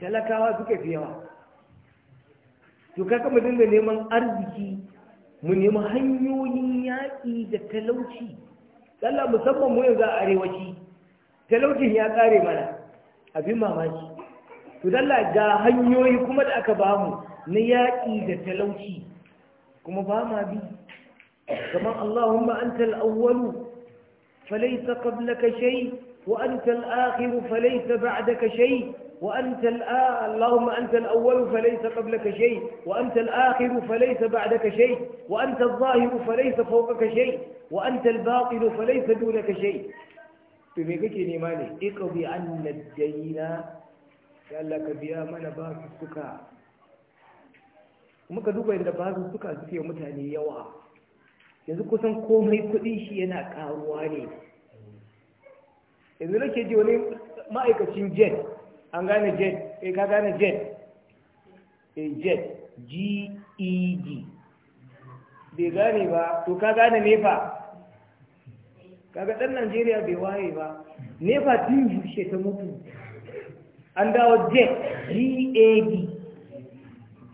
talakawa suka fi yawa to kaka mu dinga neman arziki mu nemi hanyoyin yaƙi da talauci Allah musamman mu yanzu a arewaci talaucin ya ƙare mana abin mamaki to dalla ga hanyoyi kuma da aka ba mu na yaƙi da talauci kuma ba ma bi kamar Allahumma antal awwalu falaysa qablaka shay wa antal akhiru falaysa ba'daka shay وأنت الآ... اللهم أنت الأول فليس قبلك شيء وأنت الآخر فليس بعدك شيء وأنت الظاهر فليس فوقك شيء وأنت الباطن فليس دونك شيء بميكك نيماني اقضي عنا الدين قال لك بيا من باس السكا muka duba inda ba su suka suke mutane yawa yanzu kusan komai kudin shi yana karuwa ne yanzu nake ji wani ma'aikacin jet an gane jet eh ka gane jet eh, e jet g-e-d bai gane ba to ka gane nefa kaga dan najeriya bai waye ba nefa tun yushe ta mutu an dawo jet g-a-d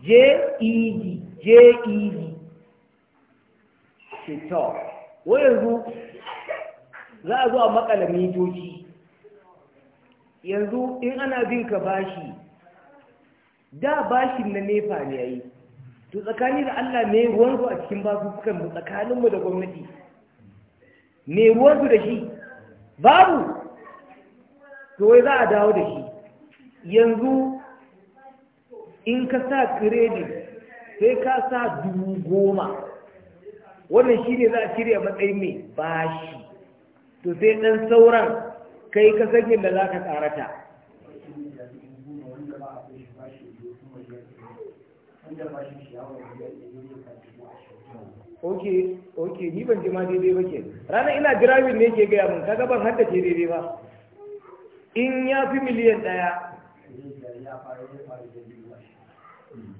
j-e-d j-e-d ce to wayanzu za a zo a makala yanzu in ana bin ka bashi da bashin na nefa ne yayi to tsakani da Allah ne wanzu a cikin babukan mu tsakaninmu da gwamnati ne wanzu da shi babu to wai za a dawo da shi yanzu in ka sa kiredit sai ka sa dubu goma wannan shi ne za a shirya matsayin mai bashi to sai ɗan sauran kai ka sakin da za ka tsarata ok ok ni ban jima daidai ba ke ranar ina driving ne ke gaya mun gaban ban ke daidai ba in ya fi miliyan ɗaya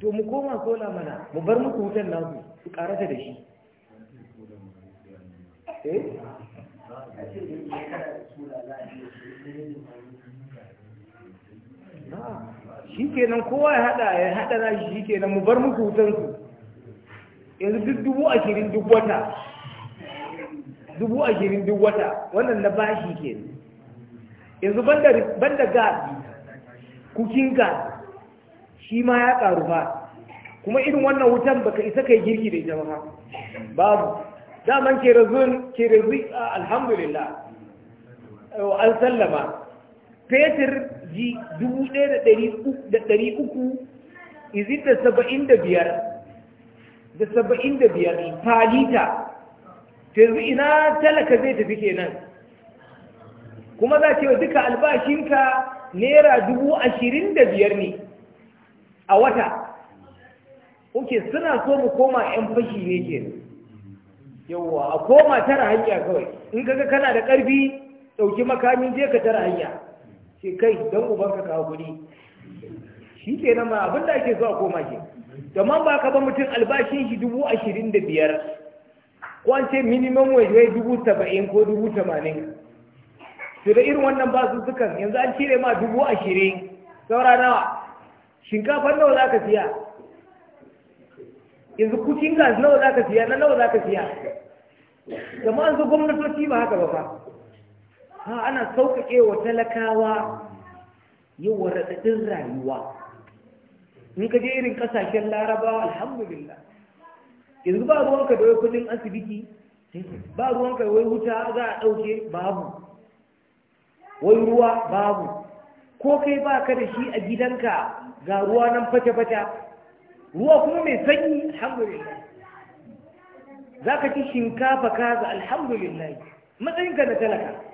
to mu koma sola mana mu bar muku wutan ku, su karata da shi eh shi kenan kowa ya hada ya hada na shi kenan mu bar muku hutansu yanzu duk dubu ashirin duk wata dubu ashirin duk wata wannan na bashi ke yanzu banda gas kukin gas shi ma ya karu ba kuma irin wannan wutan baka isa kai girki da ita ba babu daman ke kerozin alhamdulillah an sallama fetur ji 1,300 izin da saba'in da biyar da saba'in da biyar falita yanzu ina talaka zai tafi kenan kuma za ce duka albashinka naira dubu ashirin da biyar ne a wata oke suna so mu koma 'yan fashi ne ke Yawwa, a koma tara hanya kawai in kaga kana da ƙarfi ɗauki makamin je ka tara hanya ce kai don ubanka ka kuɗi. shi ke nan ma abin da ake so a koma Da domin ba ka ba mutum albashin shi dubu ashirin da biyar ko an ce minimum wage wai dubu saba'in ko dubu tamanin su da irin wannan ba su sukan yanzu an cire ma dubu ashirin saura nawa shinkafar nawa za ka siya yanzu kucin gas nawa za ka siya na nawa za ka siya zama an zo gwamnatoci ba haka ba fa ha ana sauƙaƙe wa talakawa yawan raɗaɗin rayuwa in ka je irin ƙasashen Laraba, alhamdulillah yanzu ba ruwanka da wai kudin asibiti ba ruwanka wai wuta za a ɗauke babu wai ruwa babu ko kai ba ka da shi a gidanka ga ruwa nan fata-fata ruwa kuma mai sanyi alhamdulillah za ka ci shinkafa kaza alhamdulillah matsayinka na talaka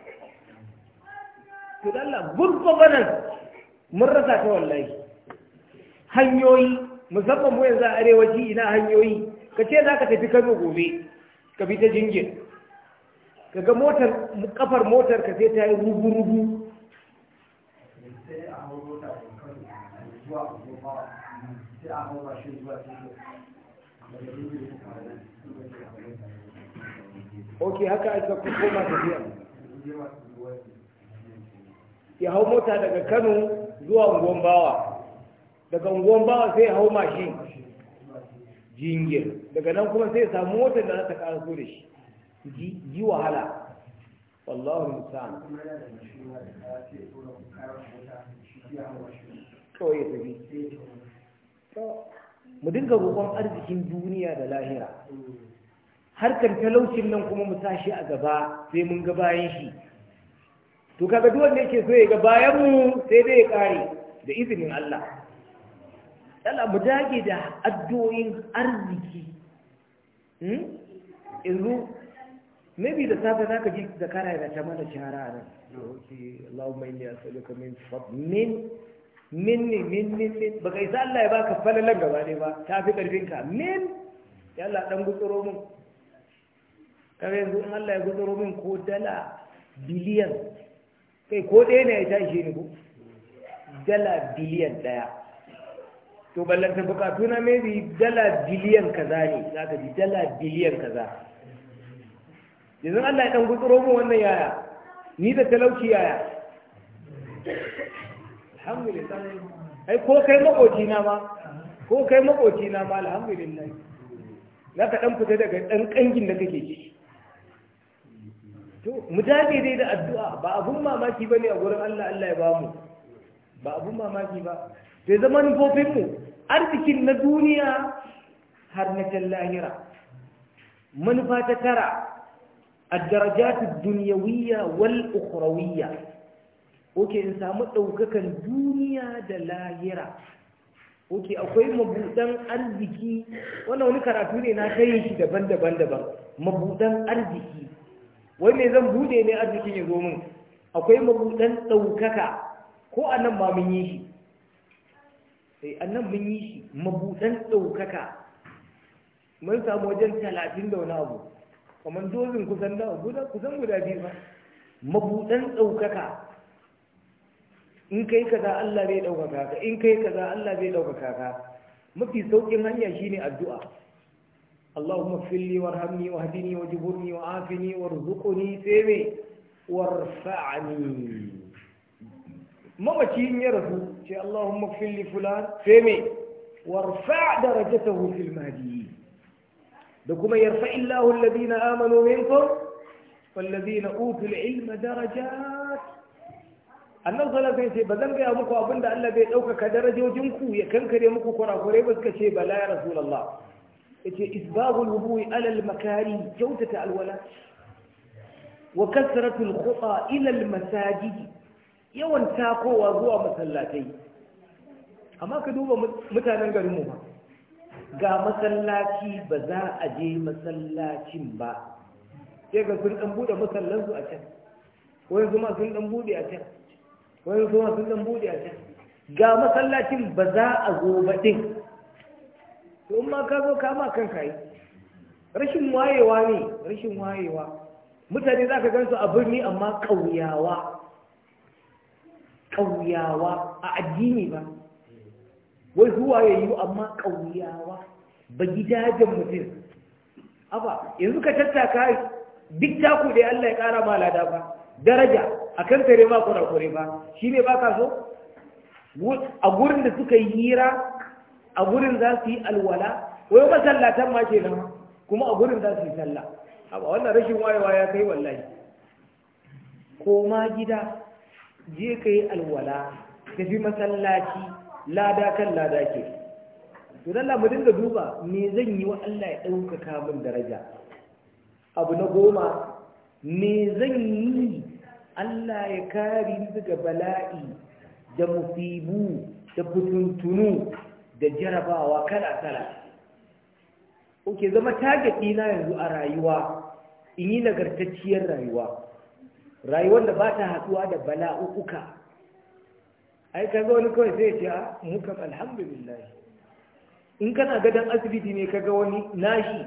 to Allah gurgurbanan mun rasa ta wallahi hanyoyi musamman mu yanzu a arewaci ina hanyoyi ka ce za ka tafi kano gobe ka bi ta jingin ka ga motar kafar motar ka sai ta yi rugu-rugu ok haka aka koma tafiya ya hau mota daga kano zuwa ngombawa daga ngombawa sai ya hau mashin jingir daga nan kuma sai ya samu motar da za ta so da shi ji wahala wallahu musa'an kawai ya tafi mu dinga roƙon arzikin duniya da lahira harkar talaucin nan kuma mu tashi a gaba sai mun ga bayan shi to kaga duk wanda yake so ya ga bayan mu sai dai ya kare da izinin Allah Allah mu dage da addu'o'in arziki hmm? yanzu maybe da safe za ka ji zakara da ta mana shahara a nan Allahumma inni as'aluka min fadlin min ne min min min baka isa Allah ya baka falalan gaba ne ba ta fi karfin ka min ya Allah dan gutsuro min kare yanzu in Allah ya gutsuro min ko dala biliyan kai ko ɗaya ne ya tashi ne ko dala biliyan ɗaya to ballanta bukatu na maybe dala biliyan kaza ne za ka ji dala biliyan kaza yanzu Allah ya ɗan gutsuro mu wannan yaya ni da talauci yaya alhamdulillah ai ko kai makoci na ma ko kai makoci na ma alhamdulillah za ka ɗan fita daga ɗan ƙangin da kake ciki to mu jaje dai da addu'a ba abun mamaki bane a gurin Allah Allah ya bamu ba abun mamaki ba sai zama gofin mu arzikin na duniya har na can lahira manufa ta tara a الدرجات wal والأخروية oke in samu ɗaukakan duniya da lahira oke akwai mabuɗan arziki wannan wani karatu ne na kai shi daban-daban daban mabuɗan arziki wai me zan bude ne arzikin ya zo min akwai mabudan ɗaukaka ko a nan ma mun yi shi sai eh, a nan mun yi shi mabudan ɗaukaka mun samu wajen talatin da wani abu kamar dozin kusan da guda kusan guda biyu ba mabudan ɗaukaka in kai kaza Allah zai ɗaukaka ka in kai kaza Allah zai ɗaukaka ka mafi sauƙin hanya shine addu'a اللهم اغفر لي وارحمني واهدني وجبرني وعافني وارزقني سيمي وارفعني ما بشي يرفو شاء اللهم اغفر لي فلان سيمي وارفع درجته في المهدي لكم يرفع الله الذين آمنوا منكم والذين أوتوا العلم درجات أن الله لا بيسي بذنب يا مكو أبن الله بيسوك كدرجة وجنكو يكنكر يا مكو كرا كريبس كشيبة لا يا رسول الله yace isbagul wudu'i ala al-makari kyautata alwala wa kasratu al-khuta ila al-masajid yawan takowa zuwa masallatai amma ka duba mutanen garin mu ba ga masallaci ba za a je masallacin ba sai ga sun dan bude masallansu a can wani zuma sun dan bude a can wani zuma sun dan bude a can ga masallacin ba za a zo ba din to ma ka zo ka ma kanka yi rashin wayewa ne rashin wayewa mutane za ka gansu a birni amma ƙauyawa ƙauyawa a addini ba wai zuwa ya yi amma ƙauyawa ba gidajen mutum Aba yanzu ka tattaka duk taku da Allah ya ƙara ma lada ba daraja a kan tare ma kurakure ba shi ne ba ka so a gurin da suka yi hira a gurin za su yi alwala wai masallatan ma kenan kuma a gurin za su yi sallah a wannan rashin wayewa ya kai wallahi ko ma gida je ka yi alwala tafi masallaci lada kan lada ke to dalla mu dinga duba me zan yi wa Allah ya ɗaukaka min daraja abu na goma me zan yi Allah ya kare ni daga bala'i da musibu da kutuntunu da jarabawa kala-kala oke zama target ɗina yanzu a rayuwa in yi nagartacciyar rayuwa rayuwar da ba ta haɗuwa da bala'uka ai ka zo wani kawai sai ya ah, muka alhamdulillah in kana gadon asibiti ne kaga wani nashi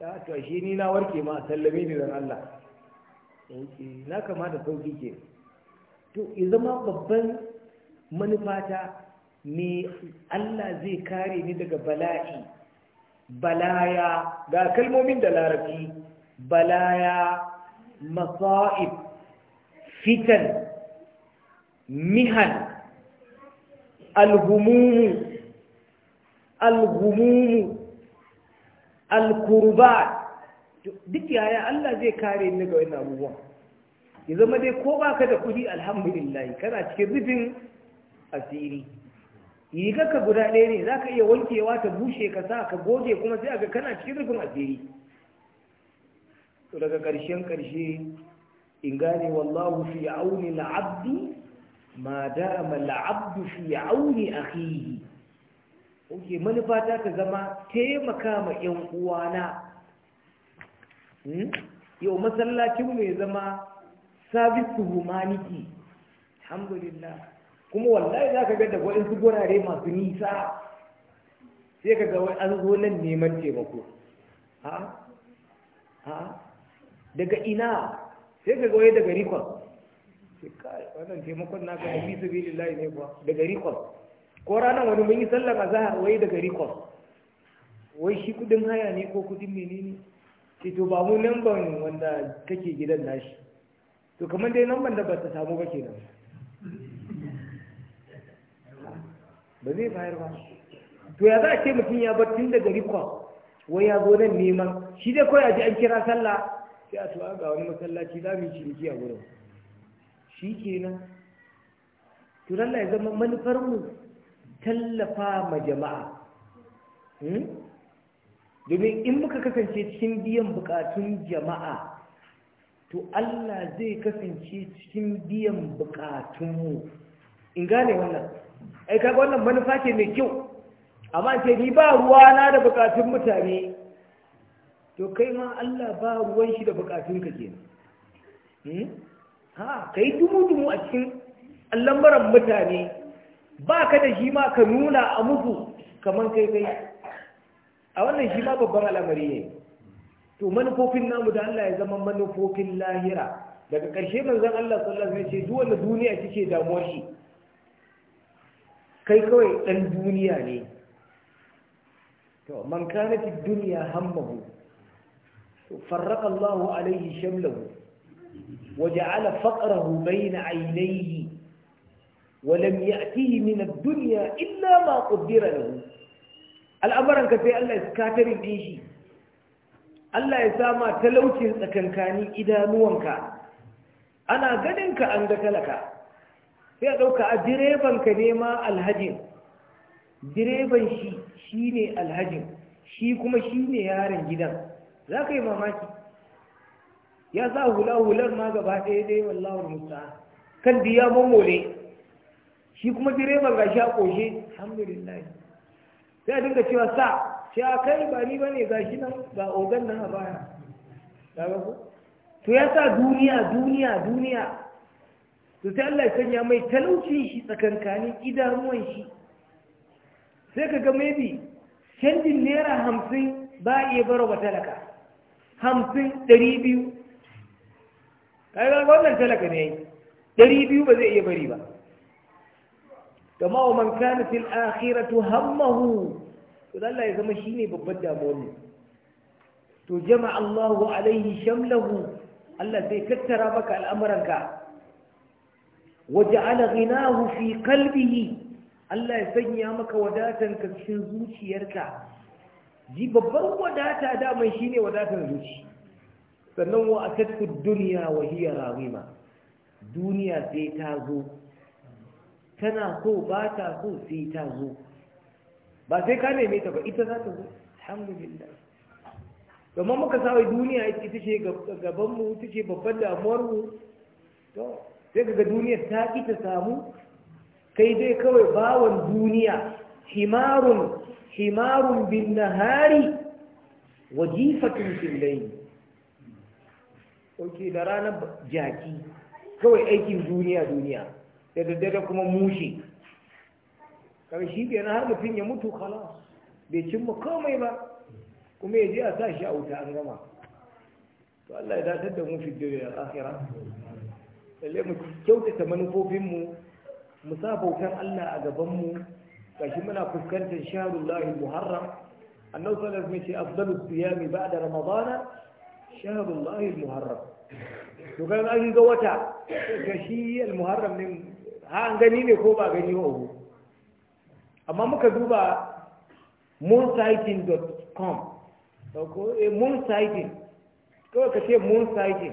ta ah, to shi ni na warke ma sallame ni dan Allah na kama da sauki ke to ya zama babban manufata me Allah zai kare ni daga bala'i balaya ga kalmomin da larabci balaya masa'ib fitan mihan alhumumu alhumumu alkurba duk yaya Allah zai kare ni daga wannan abubuwan ya zama dai ko baka da kudi alhamdulillah kana cikin rufin asiri ka guda ɗaya ne za ka iya wankewa ta bushe ka sa ka goge kuma sai aga kana cikin rufin asiri daga ƙarshen ƙarshe in gane wallahu fi auni La'abdu, ma dama la'abdu fi auni akhihi oke manufa ta ta zama taimaka ma yan uwana hmm? yau masallacin mai zama service to humanity alhamdulillah kuma wallahi za ka ga da waɗansu gurare masu nisa sai ka ga wai an zo nan neman taimako ha ha daga ina sai ka ga wai daga rikon sai ka wannan taimakon na ga fi sabilillahi ne ba daga rikon ko ranar wani mun yi sallar azhar wai daga rikon wai shi kudin haya ne ko kudin menene sai to ba mu nan ban wanda kake gidan nashi to kamar dai nan ban da ba ta samu ba kenan ba zai bayar ba to ya za a ce mutum ya bar tun daga rikon wai ya zo nan neman shi dai kawai a ji an kira sallah sai a tuwa ga wani masallaci za mu yi ciniki a wurin shi nan to Allah ya zama manufar mu tallafa ma jama'a hmm? domin in muka kasance cikin biyan bukatun jama'a to Allah zai kasance cikin biyan bukatunmu in gane wannan ai kaga wannan manufa ce mai kyau amma ce ni ba ruwa na da bukatun mutane to kai ma Allah ba ruwan shi da bukatun ka kenan hmm? ha kai dumu dumu a cikin allambaran mutane ba ka da shi ma ka nuna a musu kamar kai kai a wannan shi ma babban al'amari ne to manufofin namu da Allah ya zama manufofin lahira daga ƙarshe manzon Allah sallallahu alaihi wasallam ya ce duwan duniya kike damuwar shi kai kawai ɗan duniya ne to man kanati duniya hammahu farraqa Allahu alaihi shamlahu وجعل فقره بين عينيه ولم يأتيه من الدنيا إلا ما قدر له الأمر أنك في الله يسكاتر بيشي الله تلوتي تلوشي لكنكاني إذا نوانك أنا قدنك أنك لك sai a ɗauka a direban ka nema alhajin direban shi shi ne alhajin shi kuma shi ne yaron gidan za ka yi mamaki ya sa hula-hular ma gaba ɗaya dai wallawar musa kan biya mamole shi kuma direban shi a ƙoshe alhamdulillah sai a dinga cewa sa sai a kai ba ni ba ne gashi nan ga ogan nan a baya to ya sa duniya duniya duniya to sai Allah ya sanya mai talaucin shi tsakankanin idanuwan shi sai ka ga maybe canjin naira hamsin ba iya baro ba talaka hamsin ɗari biyu ga wannan talaka ne ɗari biyu ba zai iya bari ba kama wa man kana fil akhiratu hammahu to Allah ya zama shine babban damuwar mu to jama'a Allahu alaihi shamlahu Allah zai tattara maka al'amuranka وجعل غناه في قلبه Allah ya sanya maka wadatan ka zuciyarka ji babban wadata da mai zuci sannan wa atatu dunya wa hiya duniya sai ta zo tana so ba ta so sai ta zo ba sai ka neme ta ba ita za ta zo alhamdulillah domin muka sa duniya ita ce gabanmu ita ce babban damuwarmu to sai ga duniyar ta ƙi ta samu kai dai kawai bawan duniya himarun himarun bin nahari wajifatun filai layl da ranar jaki kawai aikin duniya duniya da daddada kuma mushe karshe na har mutum ya mutu kala bai cimma komai ba kuma ya je a sa shi a wuta an gama to Allah ya datar da mu fi duniya lalle mu kyautata manufofinmu mu sa bautar Allah a gabanmu gashi muna fuskantar sharullahi muharram annabi sallallahu alaihi wasallam ya ce afdalus siyami ba'da ramadana sharullahi muharram to kan an ga wata ga shi al-muharram din ha an gani ne ko ba gani ba amma muka duba moonsighting.com ko eh, moonsighting kawai ka ce moonsighting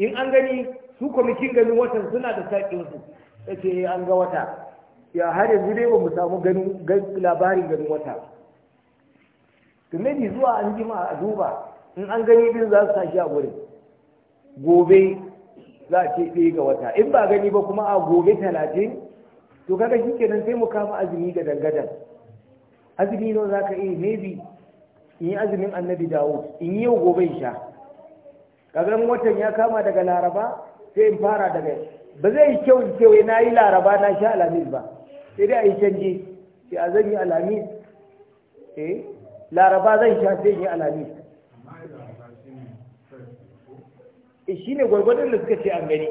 in an gani su kwamitin ganin watan suna da saƙinsu ya ce eh, an ga wata ya har yanzu dai ba mu samu labarin ganin wata tunani zuwa an ma a duba in an gani din za su tashi a wurin gobe za a ce ɗaya ga wata in ba gani ba kuma a gobe talatin to kaga shi nan sai mu kama azumi da dangadan azumi nawa za ka iya maybe in yi azumin annabi dawo in yi yau gobe sha kaga watan ya kama daga laraba sai in fara daga ba zai yi kyau in na yi laraba na sha alamis ba sai dai a yi canji sai a zan yi alamis eh laraba zan sha sai yi alamis e eh, shi ne gwargwadon da suka ce an gani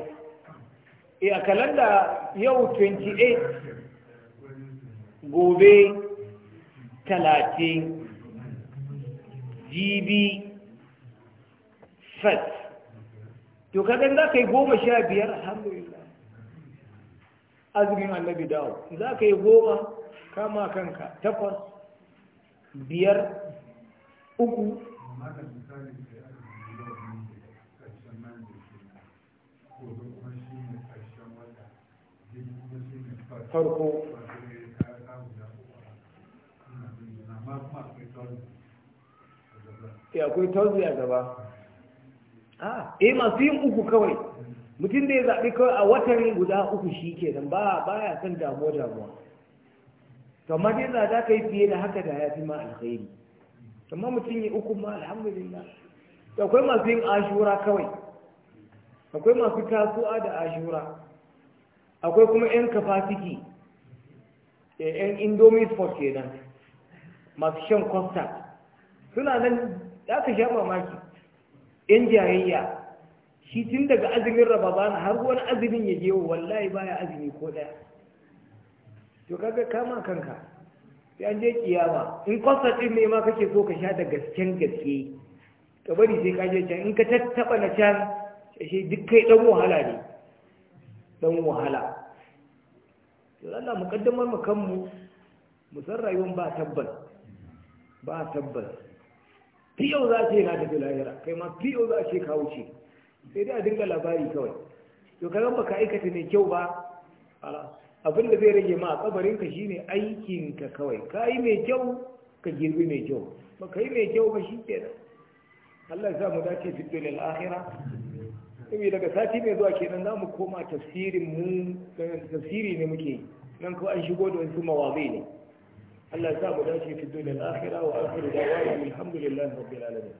e a kalanda yau 28 gobe 30 gb 1 to kaɗan za ka yi goma sha biyar alhamdulillah azumin annabi dawo za ka yi goma kama kanka takwas biyar uku farko ya akwai tauzi a gaba eh masu yin uku kawai mutum da ya zaɓi kawai a watan guda uku shi ke nan ba ya son damuwa damuwa kamar dai za za fiye da haka da ya fi ma alkhairi kamar mutum ya uku ma alhamdulillah akwai masu yin ashura kawai akwai masu tasuwa da ashura akwai kuma 'yan kafasiki 'yan eh, indomie sport nan masu shan kwasta suna nan za ka sha mamaki yan jayayya shi tun daga azumin ramadan har wani azumin ya je wallahi baya azumi ko ɗaya to kaga kama kanka sai an je kiyama in kwasa ɗin ne ma kake so ka sha da gasken gaske ka bari sai kaje can in ka tattaba na can shi duk kai ɗan wahala ne ɗan wahala to Allah mu kaddamar mu kanmu mu san rayuwar ba tabbas ba tabbas fiyo za ce na tafi lahira kai ma fiyo za ce ka wuce sai dai a dinga labari kawai to ka ba ka aikata mai kyau ba abin zai rage ma a kabarin ka shine aikin ka kawai ka yi mai kyau ka girbi mai kyau ba ka yi mai kyau ba shi ke Allah ya sa mu dace fi dunyal lahira sai daga sati mai zuwa kenan za mu koma tafsirin mu tafsiri ne muke nan ko an shigo da wasu mawazi ne الا تعبد اجري في الدنيا الاخره واخر دعوانا الحمد لله رب العالمين